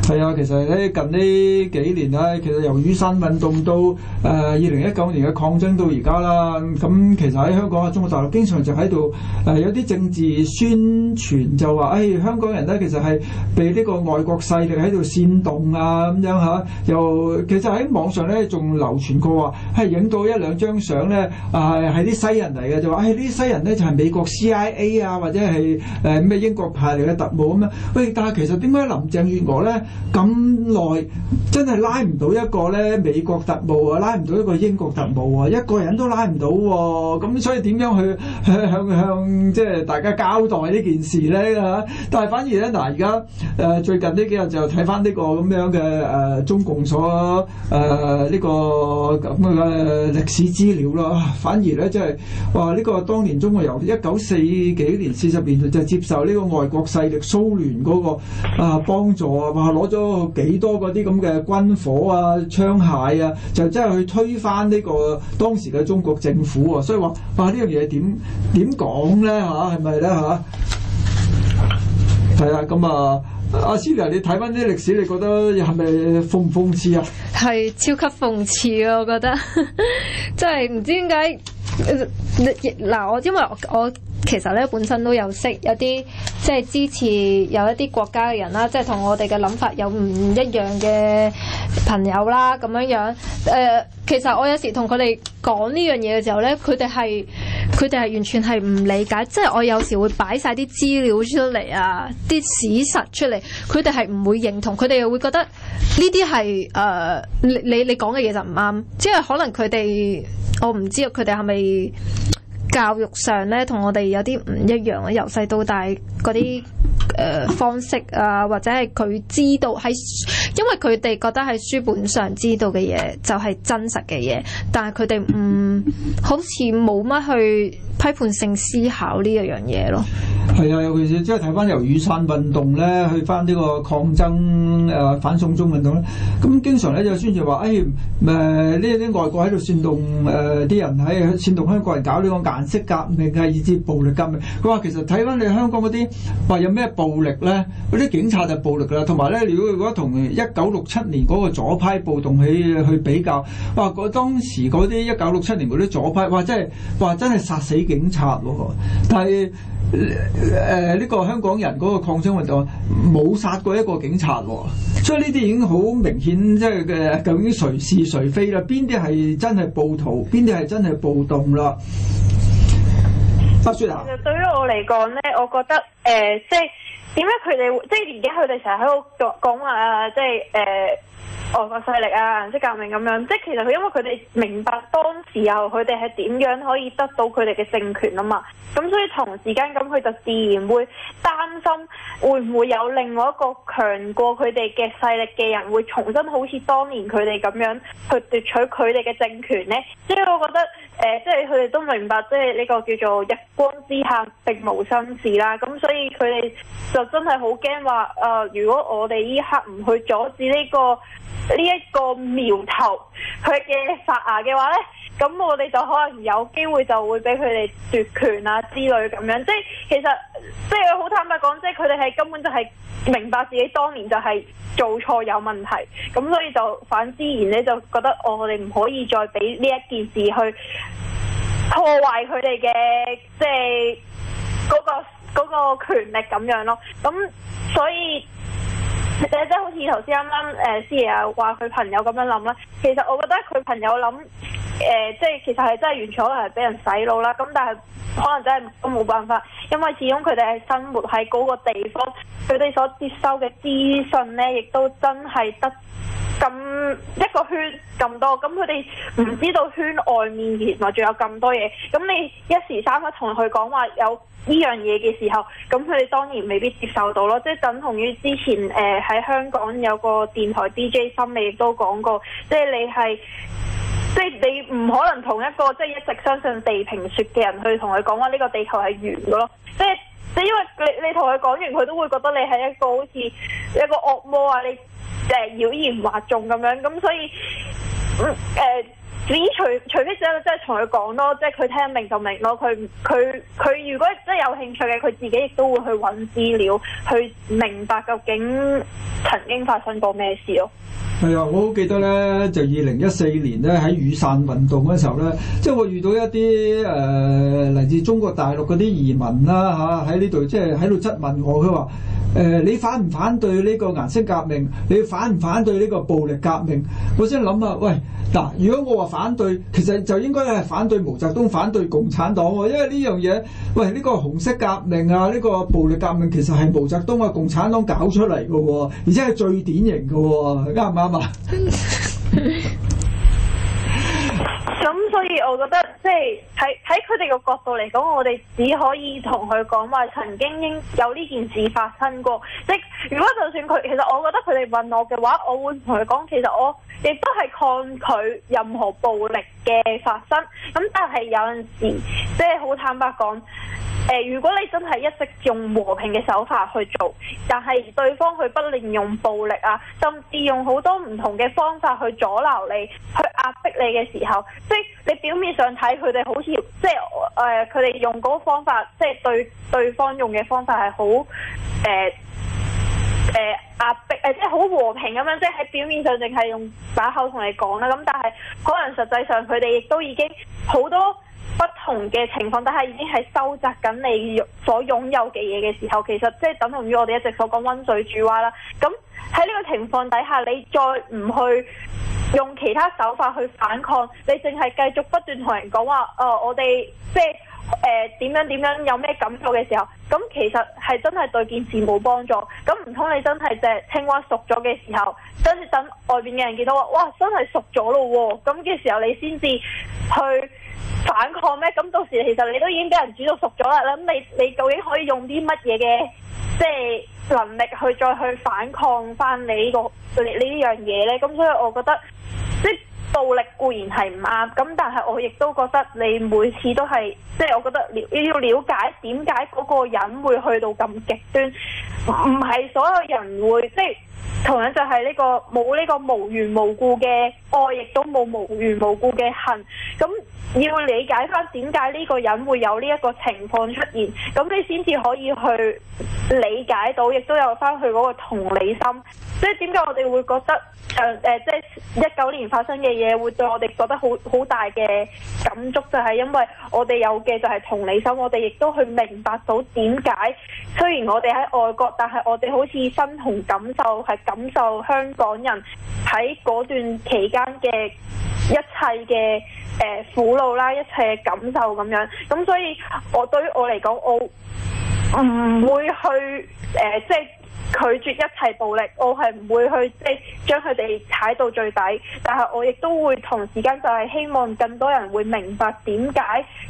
係啊，其實咧近呢幾年咧，其實由雨傘運動到誒二零一九年嘅抗爭到而家啦，咁、嗯、其實喺香港啊、中國大陸經常就喺度誒有啲政治宣傳就話，誒、哎、香港人咧其實係。你呢個外國勢力喺度煽動啊咁樣嚇，又其實喺網上咧仲流傳過話，係影到一兩張相咧，係係啲西人嚟嘅，就話唉呢啲西人咧就係美國 CIA 啊，或者係誒咩英國派嚟嘅特務咁樣。喂，但係其實點解林鄭月娥咧咁耐真係拉唔到一個咧美國特務啊，拉唔到一個英國特務啊，一個人都拉唔到喎。咁所以點樣去向向即係大家交代呢件事咧嚇？但係反而咧嗱，而家。誒最近呢幾日就睇翻呢個咁樣嘅誒、呃、中共所誒呢、呃這個咁嘅歷史資料咯，反而咧即係哇呢、這個當年中國由一九四幾年四十年就接受呢個外國勢力蘇聯嗰個啊幫助啊，助哇攞咗幾多嗰啲咁嘅軍火啊、槍械啊，就真係去推翻呢個當時嘅中國政府啊。所以話哇呢樣嘢點點講咧嚇係咪咧嚇？啊是係啊，咁啊，阿思玲，你睇翻啲歷史，你覺得係咪諷唔諷刺啊？係超級諷刺啊！我覺得呵呵真係唔知點解，嗱，我因為我。其實咧，本身都有識有啲即係支持有一啲國家嘅人啦，即係同我哋嘅諗法有唔一樣嘅朋友啦，咁樣樣。誒、呃，其實我有時同佢哋講呢樣嘢嘅時候咧，佢哋係佢哋係完全係唔理解，即係我有時會擺晒啲資料出嚟啊，啲史實出嚟，佢哋係唔會認同，佢哋又會覺得呢啲係誒你你你講嘅嘢就唔啱，即係可能佢哋我唔知道佢哋係咪。教育上咧，同我哋有啲唔一樣咯。由細到大嗰啲誒方式啊，或者係佢知道喺，因為佢哋覺得喺書本上知道嘅嘢就係真實嘅嘢，但係佢哋唔好似冇乜去。批判性思考呢一樣嘢咯，係啊，尤其是即係睇翻由雨傘運動咧，去翻呢個抗爭誒、呃、反送中運動咧，咁經常咧就宣傳話，誒誒呢啲外國喺度煽動誒啲、呃、人喺煽動香港人搞呢個顏色革命嘅，以致暴力革命。佢話其實睇翻你香港嗰啲話有咩暴力咧，嗰啲警察就暴力㗎啦，同埋咧如果如果同一九六七年嗰個左派暴動起去比較，哇！嗰當時嗰啲一九六七年嗰啲左派，哇！真係哇！真係殺死。警察喎，但係誒呢個香港人嗰個抗爭運動冇殺過一個警察喎，所以呢啲已經好明顯，即係嘅究竟誰是誰非啦？邊啲係真係暴徒，邊啲係真係暴動啦？阿雪啊，其實對於我嚟講咧，我覺得誒、呃，即係點解佢哋即係而家佢哋成日喺度講講話啊，即係誒。外國勢力啊，顏色革命咁樣，即係其實佢因為佢哋明白當時候佢哋係點樣可以得到佢哋嘅政權啊嘛，咁所以同時間咁佢就自然會擔心會唔會有另外一個強過佢哋嘅勢力嘅人會重新好似當年佢哋咁樣去奪取佢哋嘅政權呢？即以我覺得誒、呃，即係佢哋都明白，即係呢個叫做日光之下並無新事啦。咁所以佢哋就真係好驚話誒，如果我哋依刻唔去阻止呢、這個。呢一個苗頭，佢嘅發芽嘅話呢，咁我哋就可能有機會就會俾佢哋奪權啊之類咁樣。即係其實，即係好坦白講，即係佢哋係根本就係明白自己當年就係做錯有問題，咁所以就反思，然呢，就覺得，我哋唔可以再俾呢一件事去破壞佢哋嘅即係嗰個嗰個權力咁樣咯。咁所以。即係好似頭先啱啱，誒，師爺話佢朋友咁樣諗啦。其實我覺得佢朋友諗，誒，呃，即係其實係真係完全可能係俾人洗腦啦。咁但係可能真係都冇辦法，因為始終佢哋係生活喺嗰個地方，佢哋所接收嘅資訊咧，亦都真係得咁一個圈咁多。咁佢哋唔知道圈外面原來仲有咁多嘢。咁你一時三刻同佢講話有呢樣嘢嘅時候，咁佢哋當然未必接受到咯。即係等同於之前誒。呃喺香港有個電台 DJ 森美亦都講過，即、就、係、是、你係，即、就、係、是、你唔可能同一個即係、就是、一直相信地平說嘅人去同佢講話呢個地球係圓嘅咯，即係即係因為你你同佢講完佢都會覺得你係一個好似一個惡魔啊，你誒妖言惑眾咁樣，咁所以嗯、呃只除除非想即係同佢講咯，即係佢聽明就明咯。佢佢佢如果真係有興趣嘅，佢自己亦都會去揾資料，去明白究竟曾經發生過咩事咯。係啊，我好記得咧，就二零一四年咧喺雨傘運動嘅時候咧，即係我遇到一啲誒嚟自中國大陸嗰啲移民啦、啊、嚇，喺呢度即係喺度質問我。佢話誒，你反唔反對呢個顏色革命？你反唔反對呢個暴力革命？我先諗啊，喂嗱，如果我話，反對其實就應該係反對毛澤東、反對共產黨喎，因為呢樣嘢，喂，呢個紅色革命啊，呢個暴力革命其實係毛澤東啊、共產黨搞出嚟嘅，而且係最典型嘅，啱唔啱啊？ 所以，我覺得即係喺喺佢哋個角度嚟講，我哋只可以同佢講話曾經應有呢件事發生過，即係如果就算佢，其實我覺得佢哋問我嘅話，我會同佢講其實我亦都係抗拒任何暴力。嘅發生，咁但係有陣時，即係好坦白講，誒、呃，如果你真係一直用和平嘅手法去做，但係對方佢不斷用暴力啊，甚至用好多唔同嘅方法去阻撓你、去壓迫你嘅時候，即係你表面上睇佢哋好似，即係誒，佢哋用嗰個方法，即係對對方用嘅方法係好誒。呃誒，壓迫誒，即係好和平咁樣，即係喺表面上淨係用把口同你講啦。咁但係可能實際上佢哋亦都已經好多不同嘅情況底下已經係收集緊你所擁有嘅嘢嘅時候，其實即係等同於我哋一直所講溫水煮蛙啦。咁喺呢個情況底下，你再唔去用其他手法去反抗，你淨係繼續不斷同人講話，誒、呃，我哋即係。誒，點樣、呃、點樣有咩感受嘅時候，咁、嗯、其實係真係對件事冇幫助。咁唔通你真係隻青蛙熟咗嘅時候，真等，等外邊嘅人見到話，哇，真係熟咗咯，咁嘅時候你先至去反抗咩？咁到時其實你都已經俾人煮到熟咗啦，咁你你究竟可以用啲乜嘢嘅即係能力去再去反抗翻你呢個呢呢樣嘢咧？咁所以我覺得即係暴力固然係唔啱，咁但係我亦都覺得你每次都係即係，我覺得要要了解點解嗰個人會去到咁極端，唔係所有人會即係。同樣就係呢個冇呢個無緣無故嘅愛，亦都冇無緣無故嘅恨。咁要理解翻點解呢個人會有呢一個情況出現，咁你先至可以去理解到，亦都有翻佢嗰個同理心。即係點解我哋會覺得誒誒，即係一九年發生嘅嘢會對我哋覺得好好大嘅感觸，就係因為我哋有嘅就係同理心，我哋亦都去明白到點解雖然我哋喺外國，但係我哋好似身同感受係。感受香港人喺嗰段期間嘅一切嘅誒苦惱啦，一切嘅感受咁樣。咁所以我對於我嚟講，我唔、嗯、會去誒、呃、即係。拒絕一切暴力，我係唔會去即係將佢哋踩到最底，但係我亦都會同時間就係希望更多人會明白點解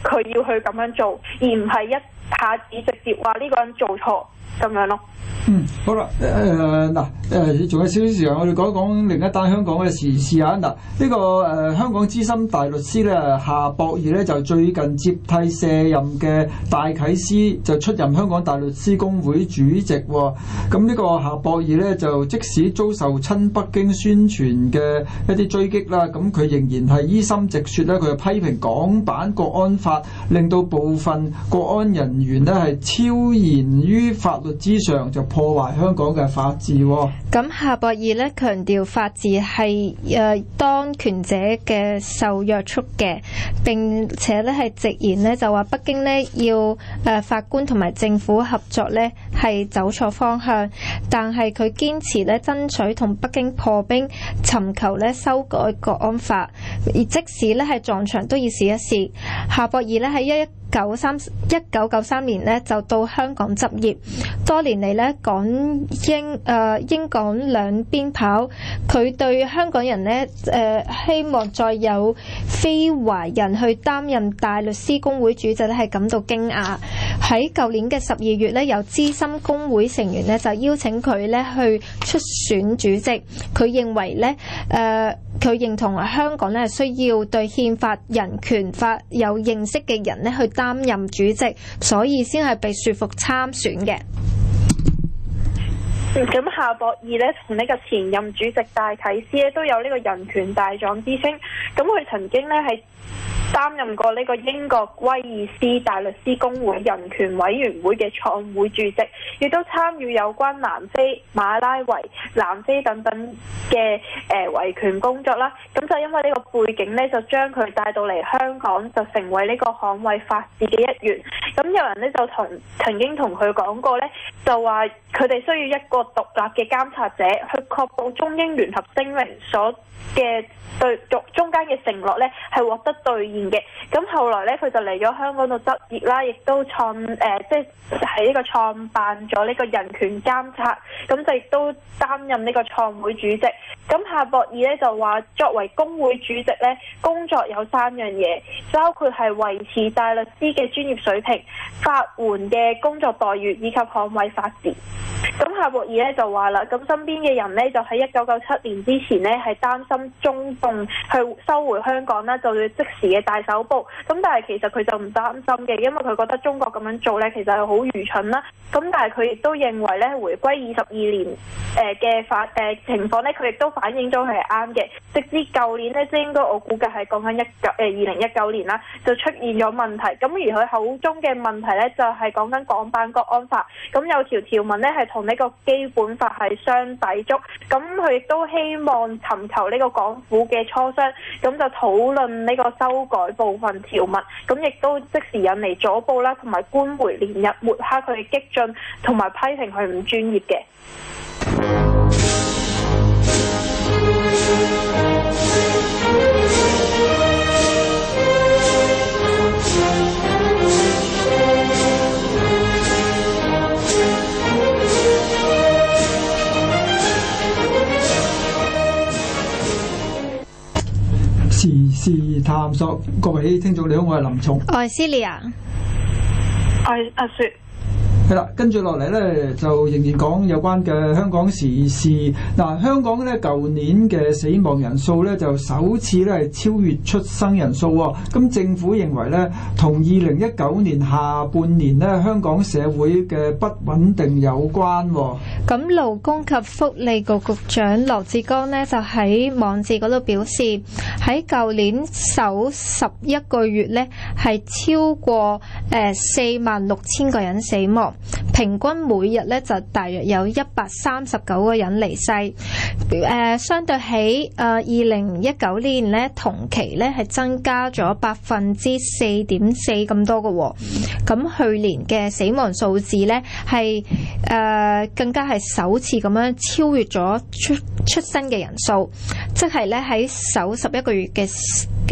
佢要去咁樣做，而唔係一下子直接話呢個人做錯咁樣咯。嗯，好啦，誒、呃、嗱，誒、呃、仲、呃呃呃呃、有少少時間，我哋講一講另一單香港嘅時事啊。嗱、呃，呢、這個誒、呃、香港資深大律師咧夏博義咧就最近接替卸任嘅戴啟思，就出任香港大律師公會主席。呃呃呃呃呃咁呢個夏博義咧就即使遭受親北京宣傳嘅一啲追擊啦，咁佢仍然係依心直說咧，佢就批評港版國安法令到部分國安人員咧係超然於法律之上，就破壞香港嘅法治喎、哦。咁夏博義咧強調法治係誒、呃、當權者嘅受約束嘅，並且咧係直言咧就話北京咧要誒法官同埋政府合作咧係走錯方向。但係佢堅持咧，爭取同北京破冰，尋求咧修改國安法，而即使咧係撞牆都要試一試。夏博爾咧喺一九三一九九三年呢就到香港執業，多年嚟呢港英，誒英港兩邊跑，佢對香港人呢誒希望再有非華人去擔任大律師公會主席呢係感到驚訝。喺舊年嘅十二月呢，有資深公會成員呢就邀請佢呢去出選主席，佢認為呢誒佢認同香港呢需要對憲法、人權法有認識嘅人呢去擔擔任主席，所以先係被說服參選嘅。咁夏博爾咧，同呢個前任主席戴啟思咧，都有呢個人權大狀之稱。咁佢曾經咧係擔任過呢個英國威爾斯大律師公會人權委員會嘅創會主席，亦都參與有關南非、馬拉維、南非等等嘅誒維權工作啦。咁就因為呢個背景咧，就將佢帶到嚟香港，就成為呢個捍衞法治嘅一員。咁有人咧就同曾經同佢講過咧，就話，佢哋需要一個獨立嘅監察者去確保中英聯合聲明所嘅對中間嘅承諾咧係獲得兌現嘅。咁後來咧，佢就嚟咗香港度執業啦，亦都創誒即係喺呢個創辦咗呢個人權監察，咁就亦都擔任呢個創會主席。咁夏博爾咧就話，作為公會主席咧，工作有三樣嘢，包括係維持大律師嘅專業水平、法援嘅工作待遇以及捍衞法治。咁夏博義咧就話啦，咁身邊嘅人呢，就喺一九九七年之前呢，係擔心中共去收回香港啦，就要即時嘅大手報。咁但係其實佢就唔擔心嘅，因為佢覺得中國咁樣做呢，其實係好愚蠢啦。咁但係佢亦都認為咧，回歸二十二年誒嘅法誒情況呢，佢亦都反映咗佢係啱嘅。直至舊年呢，即應該我估計係講緊一九誒二零一九年啦，就出現咗問題。咁而佢口中嘅問題呢，就係講緊港版國安法。咁有條條文呢。係同呢個基本法係相抵觸，咁佢亦都希望尋求呢個港府嘅磋商，咁就討論呢個修改部分條文，咁亦都即時引嚟左報，啦同埋官媒連日抹黑佢嘅激進，同埋批評佢唔專業嘅。時事探索，各位聽眾你好，我係林聰，我係 Celia，我係阿雪。跟住落嚟咧，就仍然講有關嘅香港時事。嗱、呃，香港咧，舊年嘅死亡人數咧，就首次咧係超越出生人數、哦。咁、嗯、政府認為咧，同二零一九年下半年咧，香港社會嘅不穩定有關、哦。咁勞工及福利局局長羅致光咧，就喺網誌嗰度表示，喺舊年首十一個月咧，係超過誒四萬六千個人死亡。平均每日咧就大約有一百三十九個人離世，誒、呃、相對起誒二零一九年咧同期咧係增加咗百分之四點四咁多嘅、哦，咁去年嘅死亡數字咧係誒更加係首次咁樣超越咗出出生嘅人數，即係咧喺首十一個月嘅誒、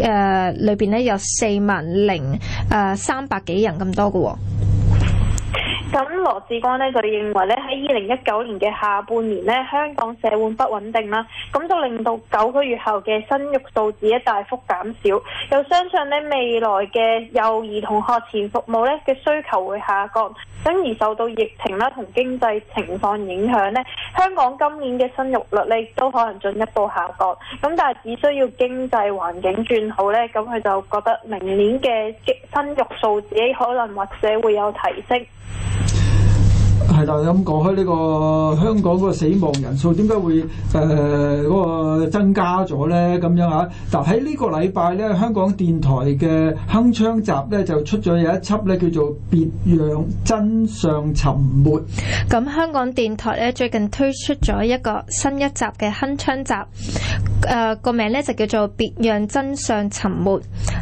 呃、裏邊咧有四萬零誒三百幾人咁多嘅、哦。咁羅志光呢，就認為咧喺二零一九年嘅下半年呢，香港社會不穩定啦，咁就令到九個月後嘅生育數字咧大幅減少。又相信呢，未來嘅幼兒同學前服務咧嘅需求會下降，因而受到疫情啦同經濟情況影響呢，香港今年嘅生育率咧都可能進一步下降。咁但係只需要經濟環境轉好咧，咁佢就覺得明年嘅生育數字可能或者會有提升。係啦，咁、嗯、講開呢、這個香港個死亡人數點解會誒嗰、呃呃、增加咗呢？咁樣嚇，嗱喺呢個禮拜呢，香港電台嘅鏗鏘集呢就出咗有一輯呢叫做《別讓真相沉沒》嗯。咁香港電台呢，最近推出咗一個新一集嘅鏗鏘集，誒、呃、個名呢就叫做《別讓真相沉沒》，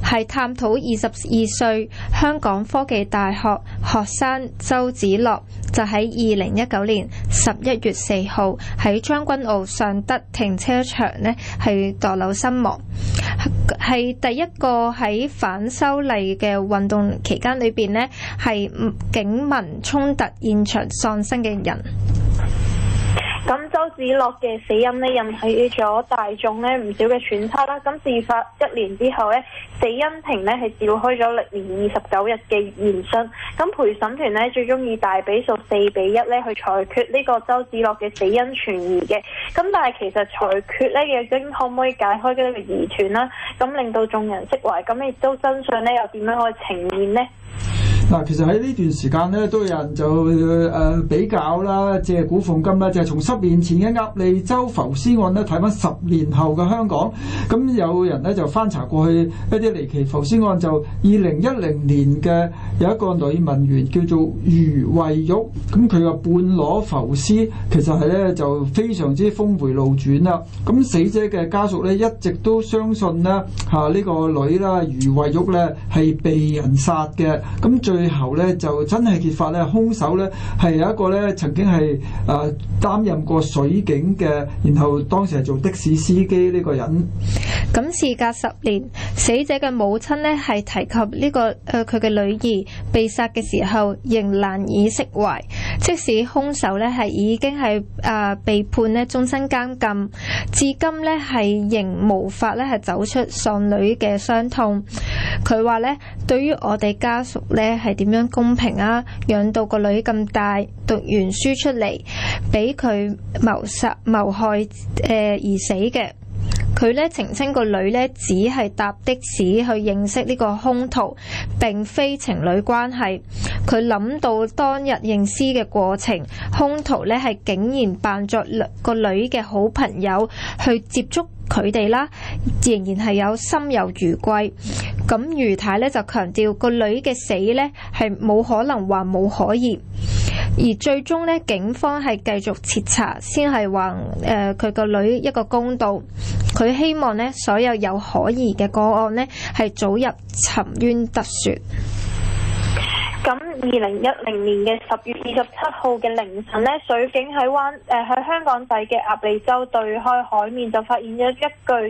係探討二十二歲香港科技大學學生周梓樂就是。喺二零一九年十一月四號，喺將軍澳尚德停車場呢，係墮樓身亡，係第一個喺反修例嘅運動期間裏邊呢，係警民衝突現場喪生嘅人。咁周梓樂嘅死因呢，引起咗大眾呢唔少嘅揣測啦。咁事發一年之後呢，死因庭呢係召開咗歷年二十九日嘅研訊。咁陪審團呢，最終以大比數四比一呢去裁決呢個周梓樂嘅死因存疑嘅。咁但係其實裁決呢，究竟可唔可以解開呢個疑團啦？咁令到眾人釋懷。咁亦都真相呢，又點樣可以呈現呢？嗱，其實喺呢段時間咧，都有人就誒比較啦，借古諷今啦，就係從十年前嘅鴨脷洲浮屍案咧，睇翻十年後嘅香港。咁有人咧就翻查過去一啲離奇浮屍案，就二零一零年嘅有一個女文員叫做余慧玉，咁佢嘅半裸浮屍，其實係咧就非常之峰迴路轉啦。咁死者嘅家屬咧一直都相信咧嚇呢個女啦余慧玉咧係被人殺嘅，咁最最後咧就真係揭發咧，兇手咧係有一個咧曾經係誒擔任過水警嘅，然後當時係做的士司機呢個人。咁、嗯、事隔十年，死者嘅母親咧係提及呢、呢個誒佢嘅女兒被殺嘅時候仍難以釋懷，即使兇手咧係已經係誒、呃、被判咧終身監禁，至今咧係仍無法咧係走出喪女嘅傷痛。佢話咧對於我哋家屬咧係，係點樣公平啊？養到個女咁大，讀完書出嚟，俾佢謀殺謀害誒而死嘅佢咧，澄清個女咧只係搭的士去認識呢個凶徒，並非情侶關係。佢諗到當日認屍嘅過程，凶徒咧係竟然扮作個女嘅好朋友去接觸。佢哋啦，仍然係有心有餘悸。咁余太咧就強調，個女嘅死咧係冇可能話冇可疑，而最終咧警方係繼續徹查，先係話誒佢個女一個公道。佢希望呢所有有可疑嘅個案呢，係早日沉冤得雪。咁二零一零年嘅十月二十七號嘅凌晨呢，水警喺灣誒喺香港仔嘅鴨脷洲對開海面就發現咗一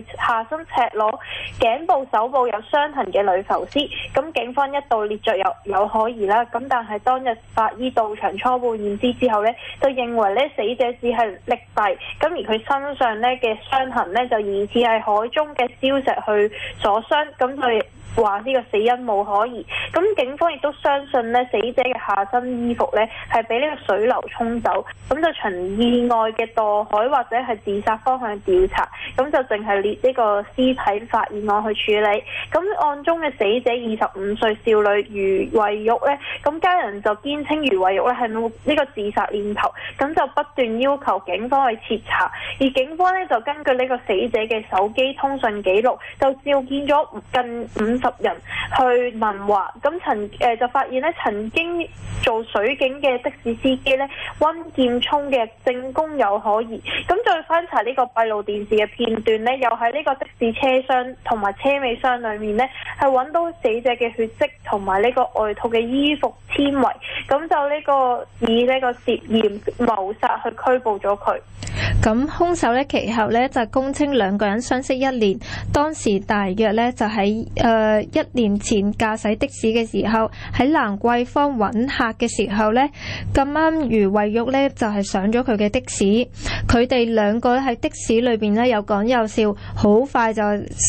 具下身赤裸、頸部手部有傷痕嘅女浮屍。咁警方一度列作有有可疑啦。咁但係當日法醫到場初步驗屍之後呢，就認為呢死者只係溺斃。咁而佢身上呢嘅傷痕呢，就疑似係海中嘅礁石去所傷。咁佢。話呢個死因冇可疑，咁警方亦都相信呢死者嘅下身衣服呢係俾呢個水流沖走，咁就循意外嘅墮海或者係自殺方向調查，咁就淨係列呢個屍體發現案去處理。咁案中嘅死者二十五歲少女余慧玉呢，咁家人就堅稱余慧玉呢係冇呢個自殺念頭，咁就不斷要求警方去徹查，而警方呢，就根據呢個死者嘅手機通訊記錄，就召見咗近五。十人去問話，咁曾誒、呃、就發現咧，曾經做水警嘅的，的士司機咧，温建聰嘅證供有可疑。咁再翻查呢個閉路電視嘅片段咧，又喺呢個的士車廂同埋車尾箱裡面咧，係揾到死者嘅血跡同埋呢個外套嘅衣服纖維。咁就呢、這個以呢個涉嫌謀殺去拘捕咗佢。咁凶手咧其後咧就供稱兩個人相識一年，當時大約咧就喺誒、呃、一年前駕駛的士嘅時候，喺蘭桂坊揾客嘅時候呢，咁啱余惠玉呢，就係、是、上咗佢嘅的士，佢哋兩個喺的士裏邊呢，有講有笑，好快就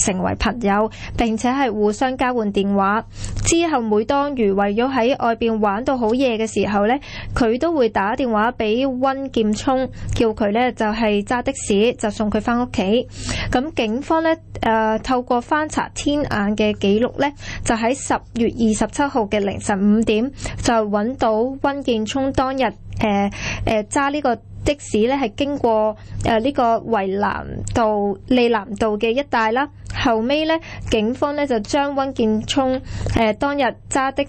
成為朋友，並且係互相交換電話。之後每當余惠玉喺外邊玩到好夜嘅時候呢，佢都會打電話俾温劍聰，叫佢呢就，係揸的士，就送佢翻屋企，咁警方呢，誒、呃、透過翻查天眼嘅記錄呢，就喺十月二十七號嘅凌晨五點就揾到温建聰當日誒誒揸呢個的士呢，係經過誒呢、呃、這個圍南道利南道嘅一帶啦。後尾咧，警方咧就將温建聰誒、 呃、當日揸的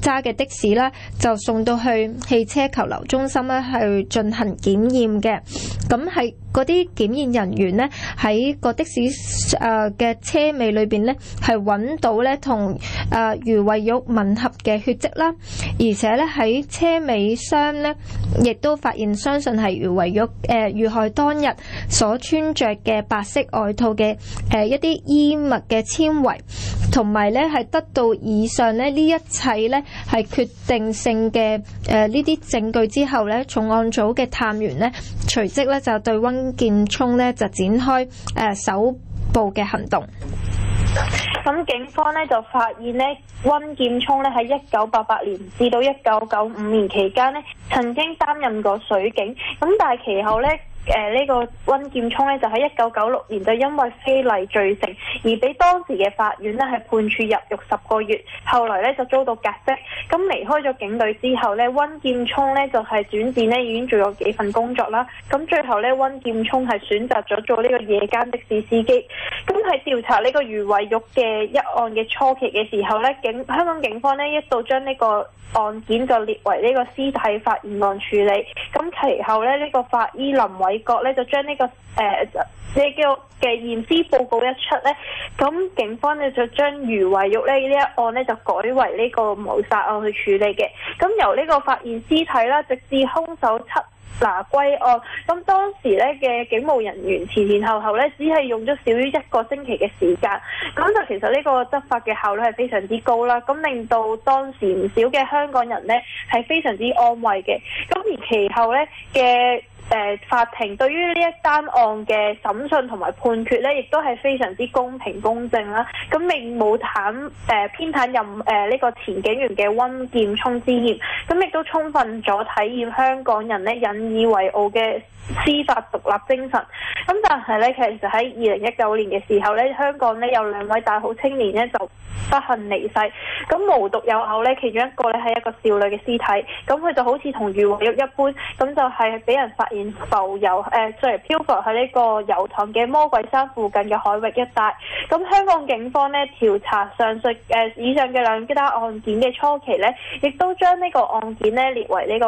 揸嘅的士啦，士士士就送到去汽車求留中心咧去進行檢驗嘅。咁係嗰啲檢驗人員呢，喺個的士誒嘅車尾裏邊呢，係揾到咧同誒余惠玉吻合嘅血跡啦，而且咧喺車尾箱呢，亦都發現相信係余惠玉誒遇害當日所穿着嘅白色外套嘅誒、呃、一啲。衣物嘅纖維，同埋咧係得到以上咧呢一切咧係決定性嘅誒呢啲證據之後咧，重案組嘅探員咧隨即咧就對温建聰咧就展開誒搜捕嘅行動。咁警方咧就發現咧，温建聰咧喺一九八八年至到一九九五年期間呢，曾經擔任過水警，咁但係其後咧。誒呢、呃這個温劍聰呢，就喺一九九六年就因為非禮罪成，而俾當時嘅法院呢係判處入獄十個月。後來呢，就遭到革職。咁離開咗警隊之後呢，温劍聰呢就係轉戰呢已經做咗幾份工作啦。咁最後呢，温劍聰係選擇咗做呢個夜間的士司機。咁喺調查呢個余偉玉嘅一案嘅初期嘅時候呢，警香港警方呢一度將呢個案件就列為呢個屍體發現案處理。咁其後呢，呢、這個法醫林偉。美國咧就將呢、這個誒、呃，你叫嘅驗屍報告一出咧，咁警方咧就將余慧玉咧呢一案咧就改為呢個謀殺案去處理嘅。咁由呢個發現屍體啦，直至凶手緝拿歸案，咁當時咧嘅警務人員前前后後咧，只係用咗少於一個星期嘅時間，咁就其實呢個執法嘅效率係非常之高啦。咁令到當時唔少嘅香港人咧係非常之安慰嘅。咁而其後咧嘅。誒法庭對於呢一單案嘅審訊同埋判決呢，亦都係非常之公平公正啦、啊。咁並冇袒誒偏袒任誒呢、呃這個前警員嘅温劍聰之嫌，咁亦都充分咗體驗香港人呢引以為傲嘅司法獨立精神。咁但係呢，其實喺二零一九年嘅時候呢，香港呢有兩位大好青年呢就不幸離世。咁無獨有偶呢，其中一個呢係一個少女嘅屍體，咁佢就好似同魚獲一般，咁就係俾人發。浮游，誒即係漂浮喺呢個油塘嘅魔鬼山附近嘅海域一帶，咁香港警方咧，調查上述誒以上嘅兩單案件嘅初期咧，亦都將呢個案件咧列為呢個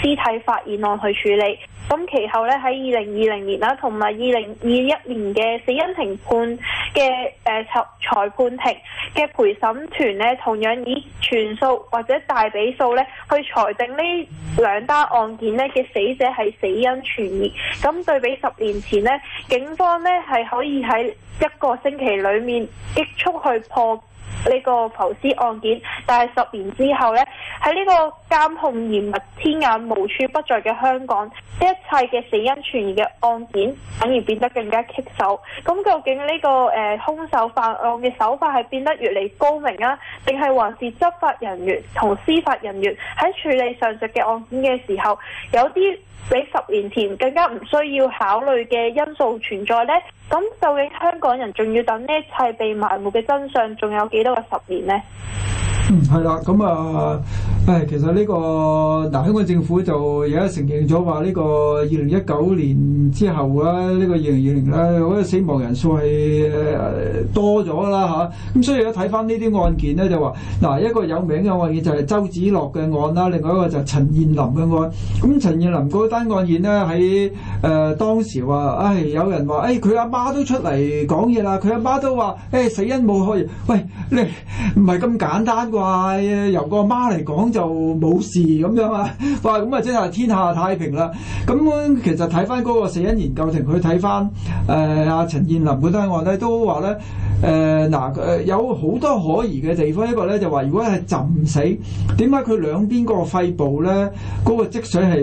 屍體發現案去處理。咁其後咧喺二零二零年啦，同埋二零二一年嘅死因評判嘅誒裁判庭嘅陪審團咧，同樣以全數或者大比數咧去裁定呢兩單案件咧嘅死者係死。因傳熱，咁對比十年前咧，警方咧係可以喺一個星期裏面，極速去破，呢個浮屍案件，但係十年之後呢，喺呢個監控嚴密、天眼無處不在嘅香港，一切嘅死因傳言嘅案件反而變得更加棘手。咁究竟呢個誒，凶手犯案嘅手法係變得越嚟高明啊，定係還是執法人員同司法人員喺處理上述嘅案件嘅時候，有啲比十年前更加唔需要考慮嘅因素存在呢？咁究竟香港人仲要等呢一切被埋沒嘅真相，仲有幾多個十年呢？嗯，係啦，咁啊，誒，其實呢、這個嗱，香港政府就而家承認咗話呢個二零一九年之後啦，呢、這個二零二零咧，嗰個死亡人數係多咗啦吓，咁、啊、所以一睇翻呢啲案件咧，就話嗱，一個有名嘅案件就係周梓樂嘅案啦，另外一個就係陳彥霖嘅案。咁陳彥霖嗰單案件咧，喺、呃、誒當時話，唉、哎，有人話，誒佢阿媽都出嚟講嘢啦，佢阿媽都話：誒、哎、死因冇可疑，喂，你唔係咁簡單啩。由個媽嚟講就冇事咁樣啊，話咁啊真係天下太平啦。咁、嗯、其實睇翻嗰個死因研究庭，佢睇翻誒阿陳彥霖嗰單案咧，都話咧誒嗱誒有好多可疑嘅地方，一個咧就話如果係浸死，點解佢兩邊嗰個肺部咧嗰、個積水係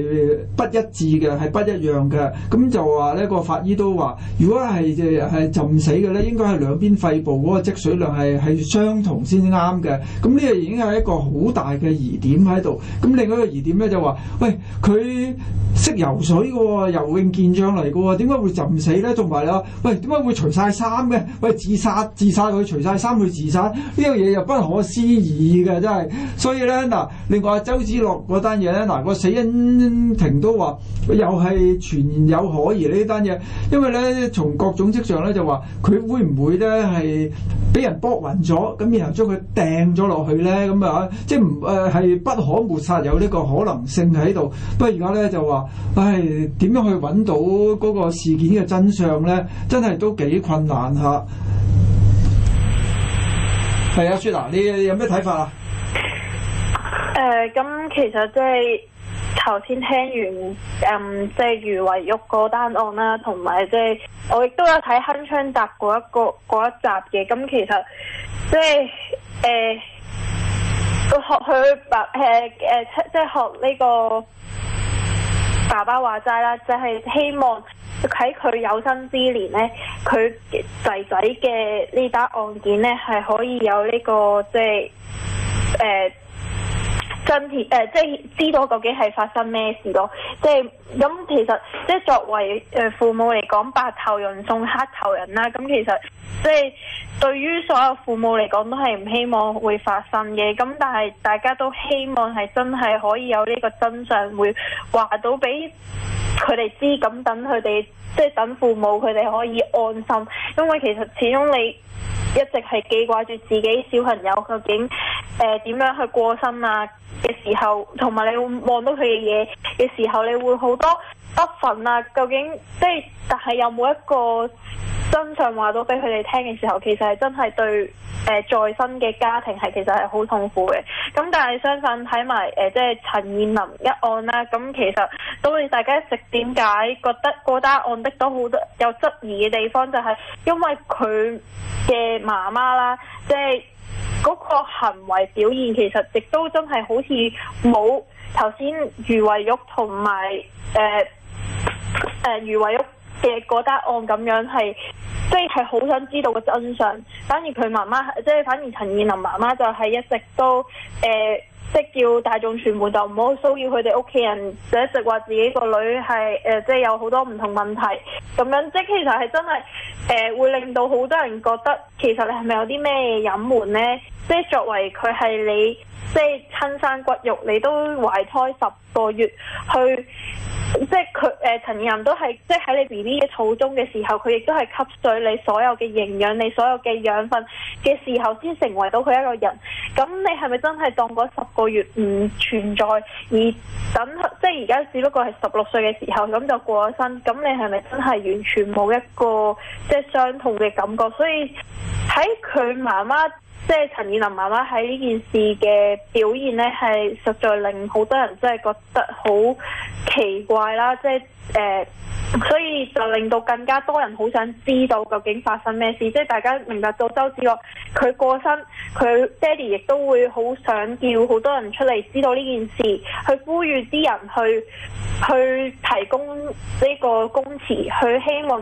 不一致嘅，係不一樣嘅？咁就話呢、個法醫都話，如果係係浸死嘅咧，應該係兩邊肺部嗰個積水量係係相同先啱嘅。咁呢個已經係一個好大嘅疑點喺度。咁另外一個疑點咧就話，喂，佢識游水嘅喎，游泳健將嚟嘅喎，點解會浸死咧？同埋啊，喂，點解會除晒衫嘅？喂，自殺自殺佢除晒衫去自殺呢樣嘢又不可思議嘅，真係。所以咧嗱，另外阿周梓樂嗰單嘢咧，嗱個死因庭都話又係存有可疑呢單嘢，因為咧從各。總積上咧，就話佢會唔會咧，係俾人搏暈咗，咁然後將佢掟咗落去咧咁啊，即係唔誒係不可抹殺有呢個可能性喺度。不過而家咧就話，唉，點樣去揾到嗰個事件嘅真相咧，真係都幾困難吓、啊。係啊，雪娜、啊，你有咩睇法啊？誒、呃、咁、嗯、其實即、就、係、是。頭先聽完，誒、嗯，即係余偉玉嗰單案啦，同埋即係我亦都有睇《鏗鏘集》嗰一個一集嘅，咁其實即係誒、呃，學佢爸誒誒，即係學呢個爸爸話齋啦，就係希望喺佢有生之年咧，佢仔仔嘅呢單案件咧係可以有呢、這個即係誒。呃真係、呃、即係知道究竟係發生咩事咯。即係咁、嗯，其實即係作為誒父母嚟講，白頭人送黑頭人啦。咁、嗯、其實即係對於所有父母嚟講，都係唔希望會發生嘅。咁、嗯、但係大家都希望係真係可以有呢個真相，會話到俾佢哋知。咁等佢哋即係等父母，佢哋可以安心。因為其實始終你一直係記掛住自己小朋友究竟誒、呃、點樣去過身啊嘅時候，同埋你會望到佢嘅嘢嘅時候，你會好多不忿啊！究竟即係但係有冇一個真相話到俾佢哋聽嘅時候，其實係真係對誒在生嘅家庭係其實係好痛苦嘅。咁但係相信睇埋誒即係陳彥霖一案啦，咁、啊、其實到你大家一直點解覺得嗰單案的到好多有質疑嘅地方，就係因為佢嘅媽媽啦，即係嗰個行為表現其實亦都真係好似冇頭先余偉玉同埋誒誒余偉玉嘅嗰單案咁樣係。即係好想知道個真相，反而佢媽媽即係反而陳彥霖媽媽就係一直都誒，即、呃、係叫大眾傳媒就唔好騷擾佢哋屋企人，一直話自己個女係誒、呃，即係有好多唔同問題咁樣，即係其實係真係誒、呃，會令到好多人覺得其實你係咪有啲咩隱瞞呢？即係作為佢係你即係親生骨肉，你都懷胎十。個月去，即係佢誒，陳、呃、燕人都係，即係喺你 B B 嘅肚中嘅時候，佢亦都係吸取你所有嘅營養、你所有嘅養分嘅時候，先成為到佢一個人。咁你係咪真係當嗰十個月唔存在，而等即係而家只不過係十六歲嘅時候，咁就過咗身？咁你係咪真係完全冇一個即係傷痛嘅感覺？所以喺佢媽媽。即係陳彥霖媽媽喺呢件事嘅表現咧，係實在令好多人真係覺得好奇怪啦！即係誒、呃，所以就令到更加多人好想知道究竟發生咩事。即係大家明白到周梓樂，佢過身，佢爹哋亦都會好想叫好多人出嚟知道呢件事，去呼籲啲人去去提供呢個供詞，去希望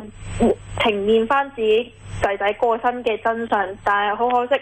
呈現翻自己仔仔過身嘅真相。但係好可惜。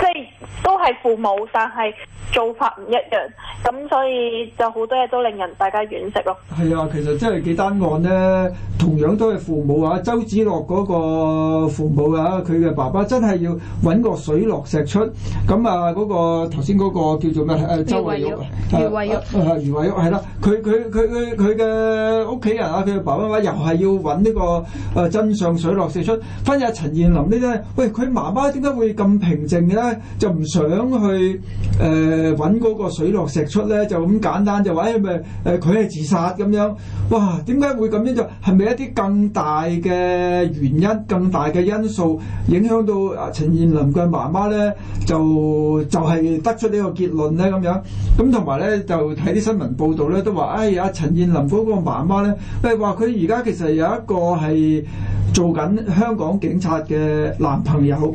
即係都係父母，但係做法唔一樣，咁所以就好多嘢都令人大家惋惜咯。係啊，其實真係幾單案咧，同樣都係父母啊。周梓樂嗰個父母啊，佢嘅爸爸真係要揾個水落石出。咁啊，嗰個頭先嗰個叫做咩？誒，周慧玉，余慧玉，余慧玉係啦。佢佢佢佢佢嘅屋企人啊，佢嘅爸爸媽媽又係要揾呢個誒真相水落石出。翻入陳燕林呢啲，喂，佢媽媽點解會咁平靜嘅咧？就唔想去誒揾嗰個水落石出咧，就咁簡單就話誒咪誒佢係自殺咁樣。哇，點解會咁樣，就係咪一啲更大嘅原因、更大嘅因素影響到啊陳燕林嘅媽媽咧，就就係得出呢個結論咧咁樣，咁同埋咧就睇啲新聞報道咧都話，哎呀陳燕林嗰個媽媽咧，誒話佢而家其實有一個係做緊香港警察嘅男朋友。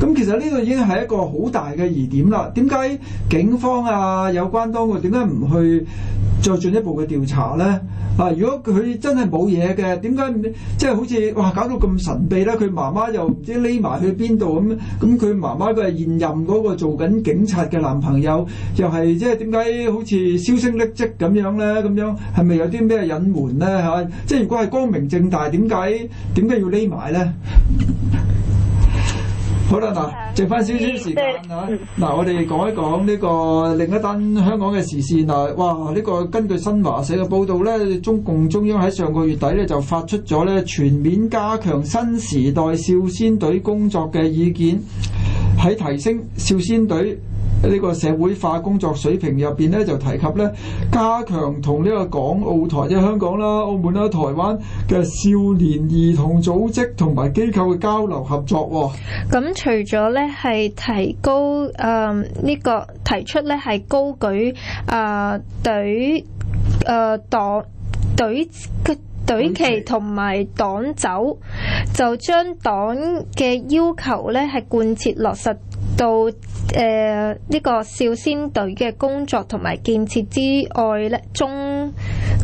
咁其實呢度已經係一個好大嘅疑點啦。點解警方啊有關當局點解唔去再進一步嘅調查呢？啊，如果佢真係冇嘢嘅，點解即係好似哇搞到咁神秘呢？佢媽媽又唔知匿埋去邊度咁？咁佢媽媽佢係現任嗰個做緊警察嘅男朋友又係即係點解好似銷聲匿跡咁樣呢？咁樣係咪有啲咩隱瞞呢？嚇、啊，即係如果係光明正大，點解點解要匿埋呢？好啦，嗱，剩翻少少時間、嗯、啊，嗱，我哋講一講呢個另一單香港嘅時事嗱，哇，呢個根據新華社嘅報道咧，中共中央喺上個月底咧就發出咗咧全面加強新時代少先隊工作嘅意見，喺提升少先隊。呢個社會化工作水平入邊咧，就提及咧加強同呢個港、澳、台、即係香港啦、澳門啦、台灣嘅少年兒童組織同埋機構嘅交流合作。咁除咗咧，係提高誒呢個提出咧，係高舉誒隊誒黨隊嘅隊旗同埋黨走，就將黨嘅要求咧係貫徹落實。到誒呢、呃這個少先隊嘅工作同埋建設之外咧，中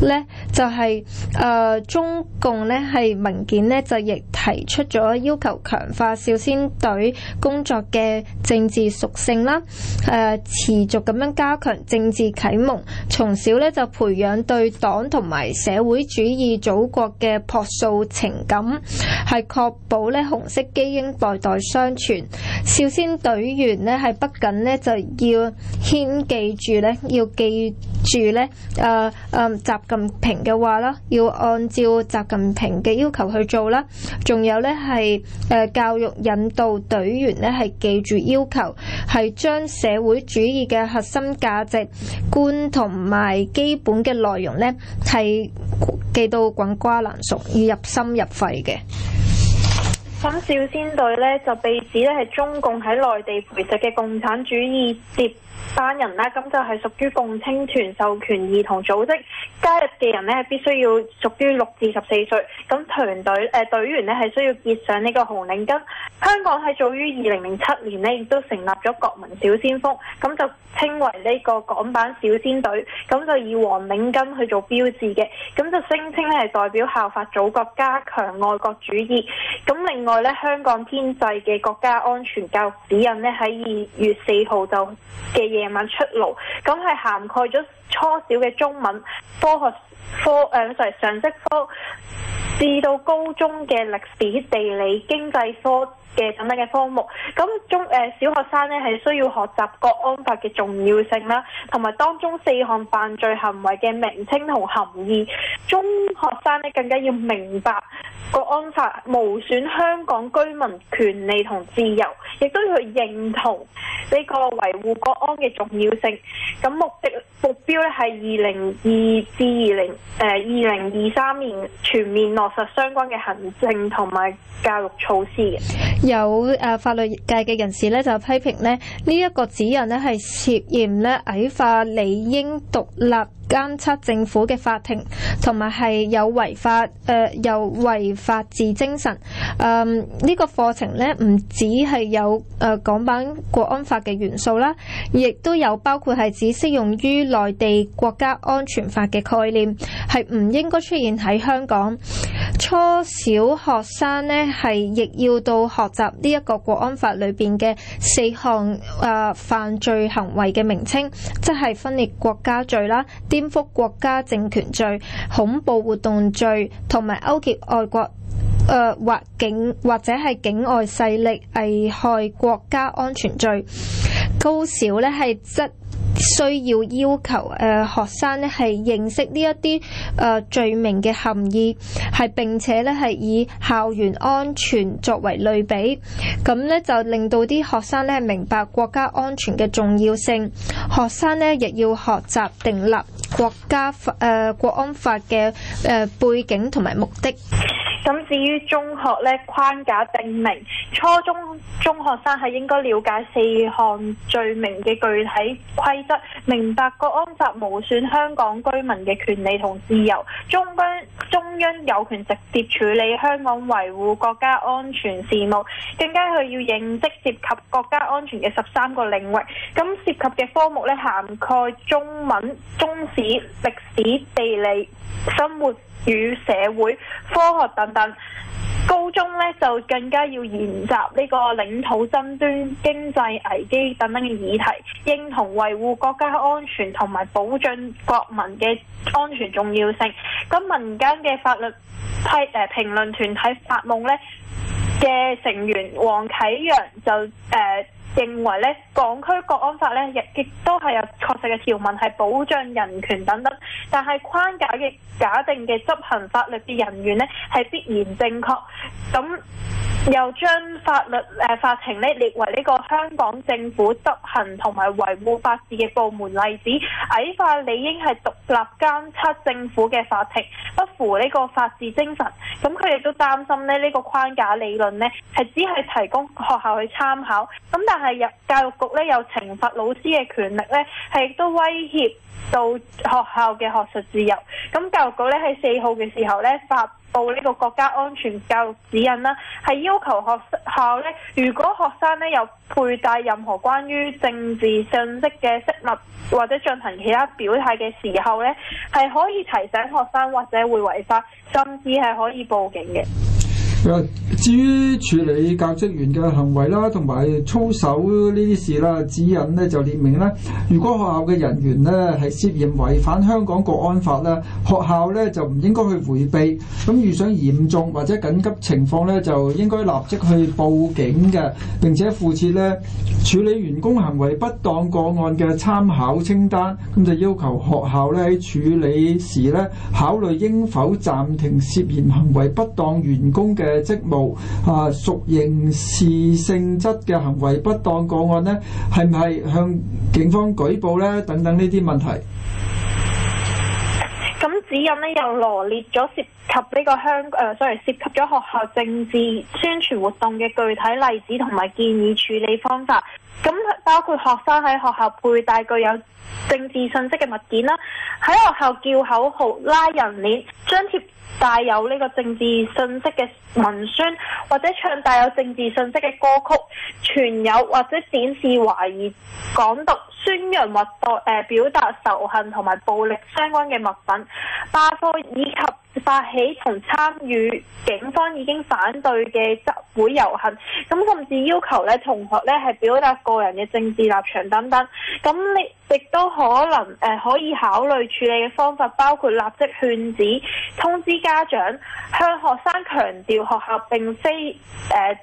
咧就係、是、誒、呃、中共咧係文件咧就亦提出咗要求強化少先隊工作嘅政治屬性啦，誒、呃、持續咁樣加強政治啟蒙，從小咧就培養對黨同埋社會主義祖國嘅朴素情感，係確保咧紅色基因代代相傳少先隊。隊員呢係不僅呢就要牽記住呢，要記住呢，誒誒習近平嘅話啦，要按照習近平嘅要求去做啦。仲有呢係誒教育引導隊員呢係記住要求，係將社會主義嘅核心價值觀同埋基本嘅內容呢係記到滾瓜爛熟，要入心入肺嘅。咁少先隊呢，就被指咧係中共喺內地培植嘅共產主義碟。班人咧，咁就係屬於共青團授權兒童組織加入嘅人呢，咧，必須要屬於六至十四歲。咁團隊誒隊員咧係需要結上呢個紅領巾。香港喺早於二零零七年呢，亦都成立咗國民小先鋒，咁就稱為呢個港版小先隊，咁就以黃領巾去做標誌嘅。咁就聲稱呢，係代表效法祖國加強愛國主義。咁另外呢，香港天制嘅國家安全教育指引呢，喺二月四號就。夜晚出爐，咁係涵蓋咗初小嘅中文、科學科，誒、呃，唔係常識科至到高中嘅歷史、地理、經濟科，嘅等等嘅科目，咁中誒、呃、小學生咧係需要學習國安法嘅重要性啦，同埋當中四項犯罪行為嘅名稱同含義。中學生咧更加要明白國安法無損香港居民權利同自由，亦都要去認同呢個維護國安嘅重要性。咁目的目標咧係二零二至二零誒二零二三年全面落實相關嘅行政同埋教育措施嘅。有法律界嘅人士呢，就批評呢呢一個指引呢，係涉嫌呢矮化理應獨立。監測政府嘅法庭，同埋係有違法，誒、呃、有違法治精神。嗯，呢、這個課程呢，唔止係有誒、呃、港版國安法嘅元素啦，亦都有包括係只適用於內地國家安全法嘅概念，係唔應該出現喺香港。初小學生呢，係亦要到學習呢一個國安法裏邊嘅四項誒、呃、犯罪行為嘅名稱，即係分裂國家罪啦。顛覆國家政權罪、恐怖活動罪同埋勾結外國、誒、呃、或境或者係境外勢力危害國家安全罪，高少呢係質。需要要求誒、呃、學生咧，係認識呢一啲誒、呃、罪名嘅含義，係並且咧，係以校園安全作為類比，咁呢就令到啲學生呢明白國家安全嘅重要性。學生呢亦要學習訂立國家法誒、呃、國安法嘅誒、呃、背景同埋目的。咁至於中學呢，框架定明，初中中學生係應該了解四項罪名嘅具體規則明白，國安法無損香港居民嘅權利同自由。中央中央有權直接處理香港維護國家安全事務，更加去要認識涉及國家安全嘅十三個領域。咁涉及嘅科目呢，涵蓋中文、中史、歷史、地理、生活、與社會、科學等等，高中咧就更加要研習呢個領土爭端、經濟危機等等嘅議題，認同維護國家安全同埋保障國民嘅安全重要性。咁民間嘅法律批誒評論團體法夢咧嘅成員黃啟揚就誒。呃認為咧，港區國安法咧亦亦都係有確實嘅條文係保障人權等等，但係框架嘅假定嘅執行法律嘅人員呢係必然正確，咁又將法律誒、呃、法庭呢列為呢個香港政府執行同埋維護法治嘅部門例子，矮化理應係獨立監測政府嘅法庭，不符呢個法治精神。咁佢亦都擔心咧，呢、這個框架理論呢係只係提供學校去參考，咁但係。係教育局咧有懲罰老師嘅權力咧，係亦都威脅到學校嘅學術自由。咁教育局咧喺四號嘅時候咧發布呢個國家安全教育指引啦，係要求學校咧，如果學生咧有佩戴任何關於政治信息嘅飾物或者進行其他表態嘅時候咧，係可以提醒學生或者會違法，甚至係可以報警嘅。至於處理教職員嘅行為啦，同埋操守呢啲事啦，指引呢就列明咧，如果學校嘅人員呢係涉嫌違反香港國安法，呢學校呢就唔應該去回避。咁遇上嚴重或者緊急情況呢，就應該立即去報警嘅。並且附設咧處理員工行為不當個案嘅參考清單。咁就要求學校呢喺處理時呢考慮應否暫停涉嫌行為不當員工嘅。職務啊，屬刑事性質嘅行為不當個案呢，係唔係向警方舉報呢？等等呢啲問題。咁指引呢又羅列咗涉及呢個香誒，sorry，涉及咗學校政治宣傳活動嘅具體例子同埋建議處理方法。咁包括學生喺學校佩戴具有政治信息嘅物件啦，喺學校叫口號、拉人鏈、張貼。帶有呢個政治信息嘅文宣，或者唱帶有政治信息嘅歌曲，存有或者展示懷疑港獨、宣揚或代誒表達仇恨同埋暴力相關嘅物品、罷課以及。發起同參與警方已經反對嘅集會遊行，咁甚至要求咧同學咧係表達個人嘅政治立場等等，咁你亦都可能誒、呃、可以考慮處理嘅方法，包括立即勸止、通知家長、向學生強調學校並非誒、呃、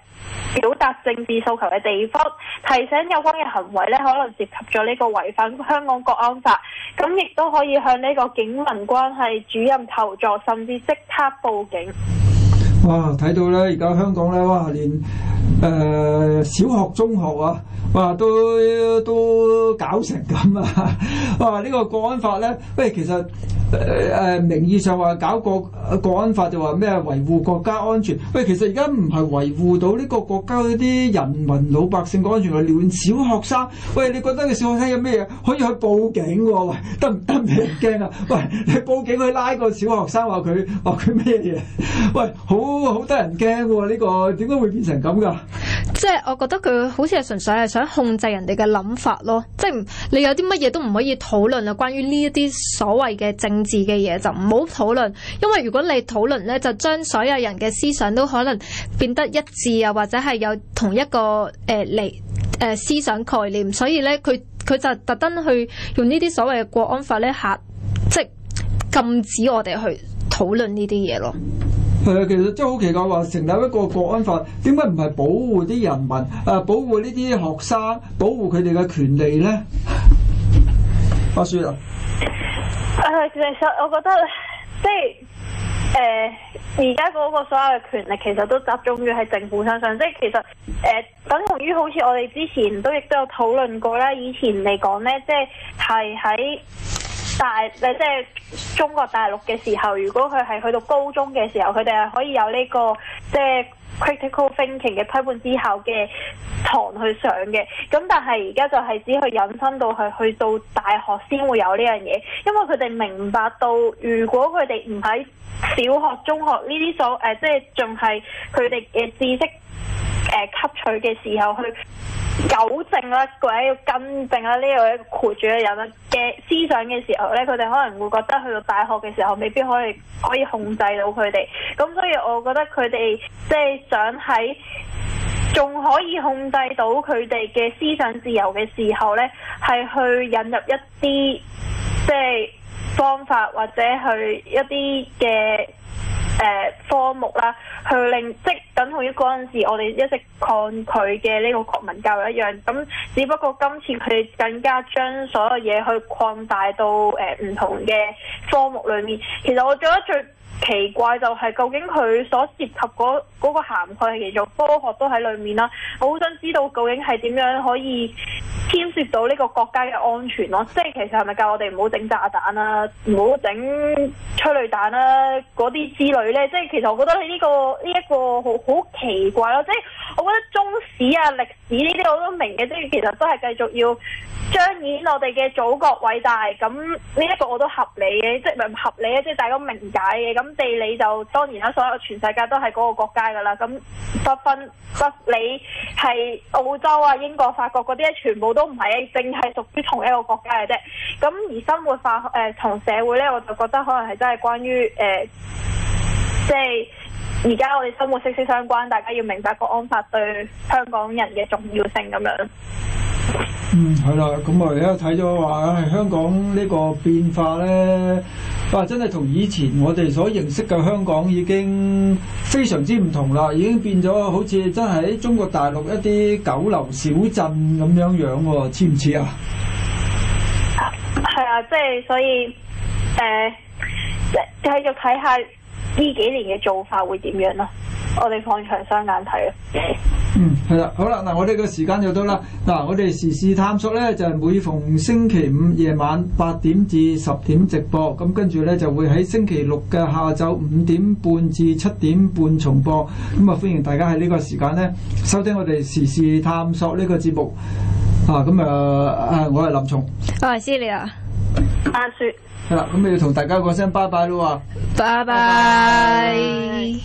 表達政治訴求嘅地方，提醒有關嘅行為咧可能涉及咗呢個違反香港國安法，咁亦都可以向呢個警民關係主任求助，甚即刻報警。哇！睇到咧，而家香港咧，哇！連誒、呃、小學中學啊，哇都都搞成咁啊！哇！呢、這個國安法咧，喂，其實誒誒、呃、名義上話搞國國安法就話咩維護國家安全，喂，其實而家唔係維護到呢個國家啲人民老百姓嘅安全，係連小學生，喂，你覺得個小學生有咩嘢可以去報警、喎、喂得唔得你驚啊？喂，你報警去拉個小學生話佢話佢咩嘢？喂，好！都好得人驚喎！呢個點解會變成咁噶？即係我覺得佢好似係純粹係想控制人哋嘅諗法咯。即係你有啲乜嘢都唔可以討論啊。關於呢一啲所謂嘅政治嘅嘢，就唔好討論。因為如果你討論呢，就將所有人嘅思想都可能變得一致啊，或者係有同一個誒嚟誒思想概念。所以呢，佢佢就特登去用呢啲所謂嘅國安法呢，嚇，即禁止我哋去討論呢啲嘢咯。係啊，其實真係好奇怪話，成立一個國安法，點解唔係保護啲人民？誒，保護呢啲學生，保護佢哋嘅權利咧？阿書啊，誒、呃，其實我覺得即係誒，而家嗰個所有嘅權力其實都集中於喺政府身上，即係其實誒、呃，等同於好似我哋之前都亦都有討論過啦，以前嚟講咧，即係係喺。但係，你即係中國大陸嘅時候，如果佢係去到高中嘅時候，佢哋係可以有呢、這個即係、就是、critical thinking 嘅批判思考嘅堂去上嘅。咁但係而家就係只去引申到係去到大學先會有呢樣嘢，因為佢哋明白到，如果佢哋唔喺小學、中學呢啲所誒，即係仲係佢哋嘅知識。呃、吸取嘅時候去糾正啦，或者要更正啦，呢、一個箍住嘅人嘅思想嘅時候呢佢哋可能會覺得去到大學嘅時候未必可以可以控制到佢哋，咁所以我覺得佢哋即係想喺仲可以控制到佢哋嘅思想自由嘅時候呢係去引入一啲即係方法或者去一啲嘅。誒、呃，科目啦，去令即等同於嗰陣時我哋一直抗拒嘅呢個國民教育一樣，咁只不過今次佢哋更加將所有嘢去擴大到誒唔、呃、同嘅科目裏面。其實我做得最奇怪就係究竟佢所涉及嗰嗰個涵蓋係其實科學都喺裏面啦，我好想知道究竟係點樣可以牽涉到呢個國家嘅安全咯？即係其實係咪教我哋唔好整炸彈啦、啊，唔好整催淚彈啦嗰啲之類咧？即係其實我覺得呢、這個呢一、這個好好奇怪咯、啊。即係我覺得中史啊歷史呢啲我都明嘅，即係其實都係繼續要彰顯我哋嘅祖國偉大。咁呢一個我都合理嘅，即係唔合理啊？即係大家明解嘅咁。地理就當然啦，所有全世界都係嗰個國家噶啦，咁不分不你係澳洲啊、英國、法國嗰啲全部都唔係啊，淨係屬於同一個國家嘅啫。咁而生活化誒同、呃、社會咧，我就覺得可能係真係關於誒。呃即係而家我哋生活息息相關，大家要明白國安法對香港人嘅重要性咁樣。嗯，係啦，咁我而家睇咗話，係香港呢個變化咧，哇，真係同以前我哋所認識嘅香港已經非常之唔同啦，已經變咗好似真係喺中國大陸一啲九流小鎮咁樣樣喎，似唔似啊？係啊，即係所以，誒，繼續睇下。呢幾年嘅做法會點樣咯？我哋放長雙眼睇咯。嗯，係啦，好啦，嗱，我哋個時間就到啦。嗱，我哋時事探索咧就係、是、每逢星期五夜晚八點至十點直播，咁跟住咧就會喺星期六嘅下晝五點半至七點半重播。咁啊，歡迎大家喺呢個時間咧收聽我哋時事探索呢個節目。呃哦、啊，咁啊，啊，我係林松。啊，多謝你啊。白雪係啦，咁、 嗯、你要同大家講聲拜拜啦喎， 拜拜。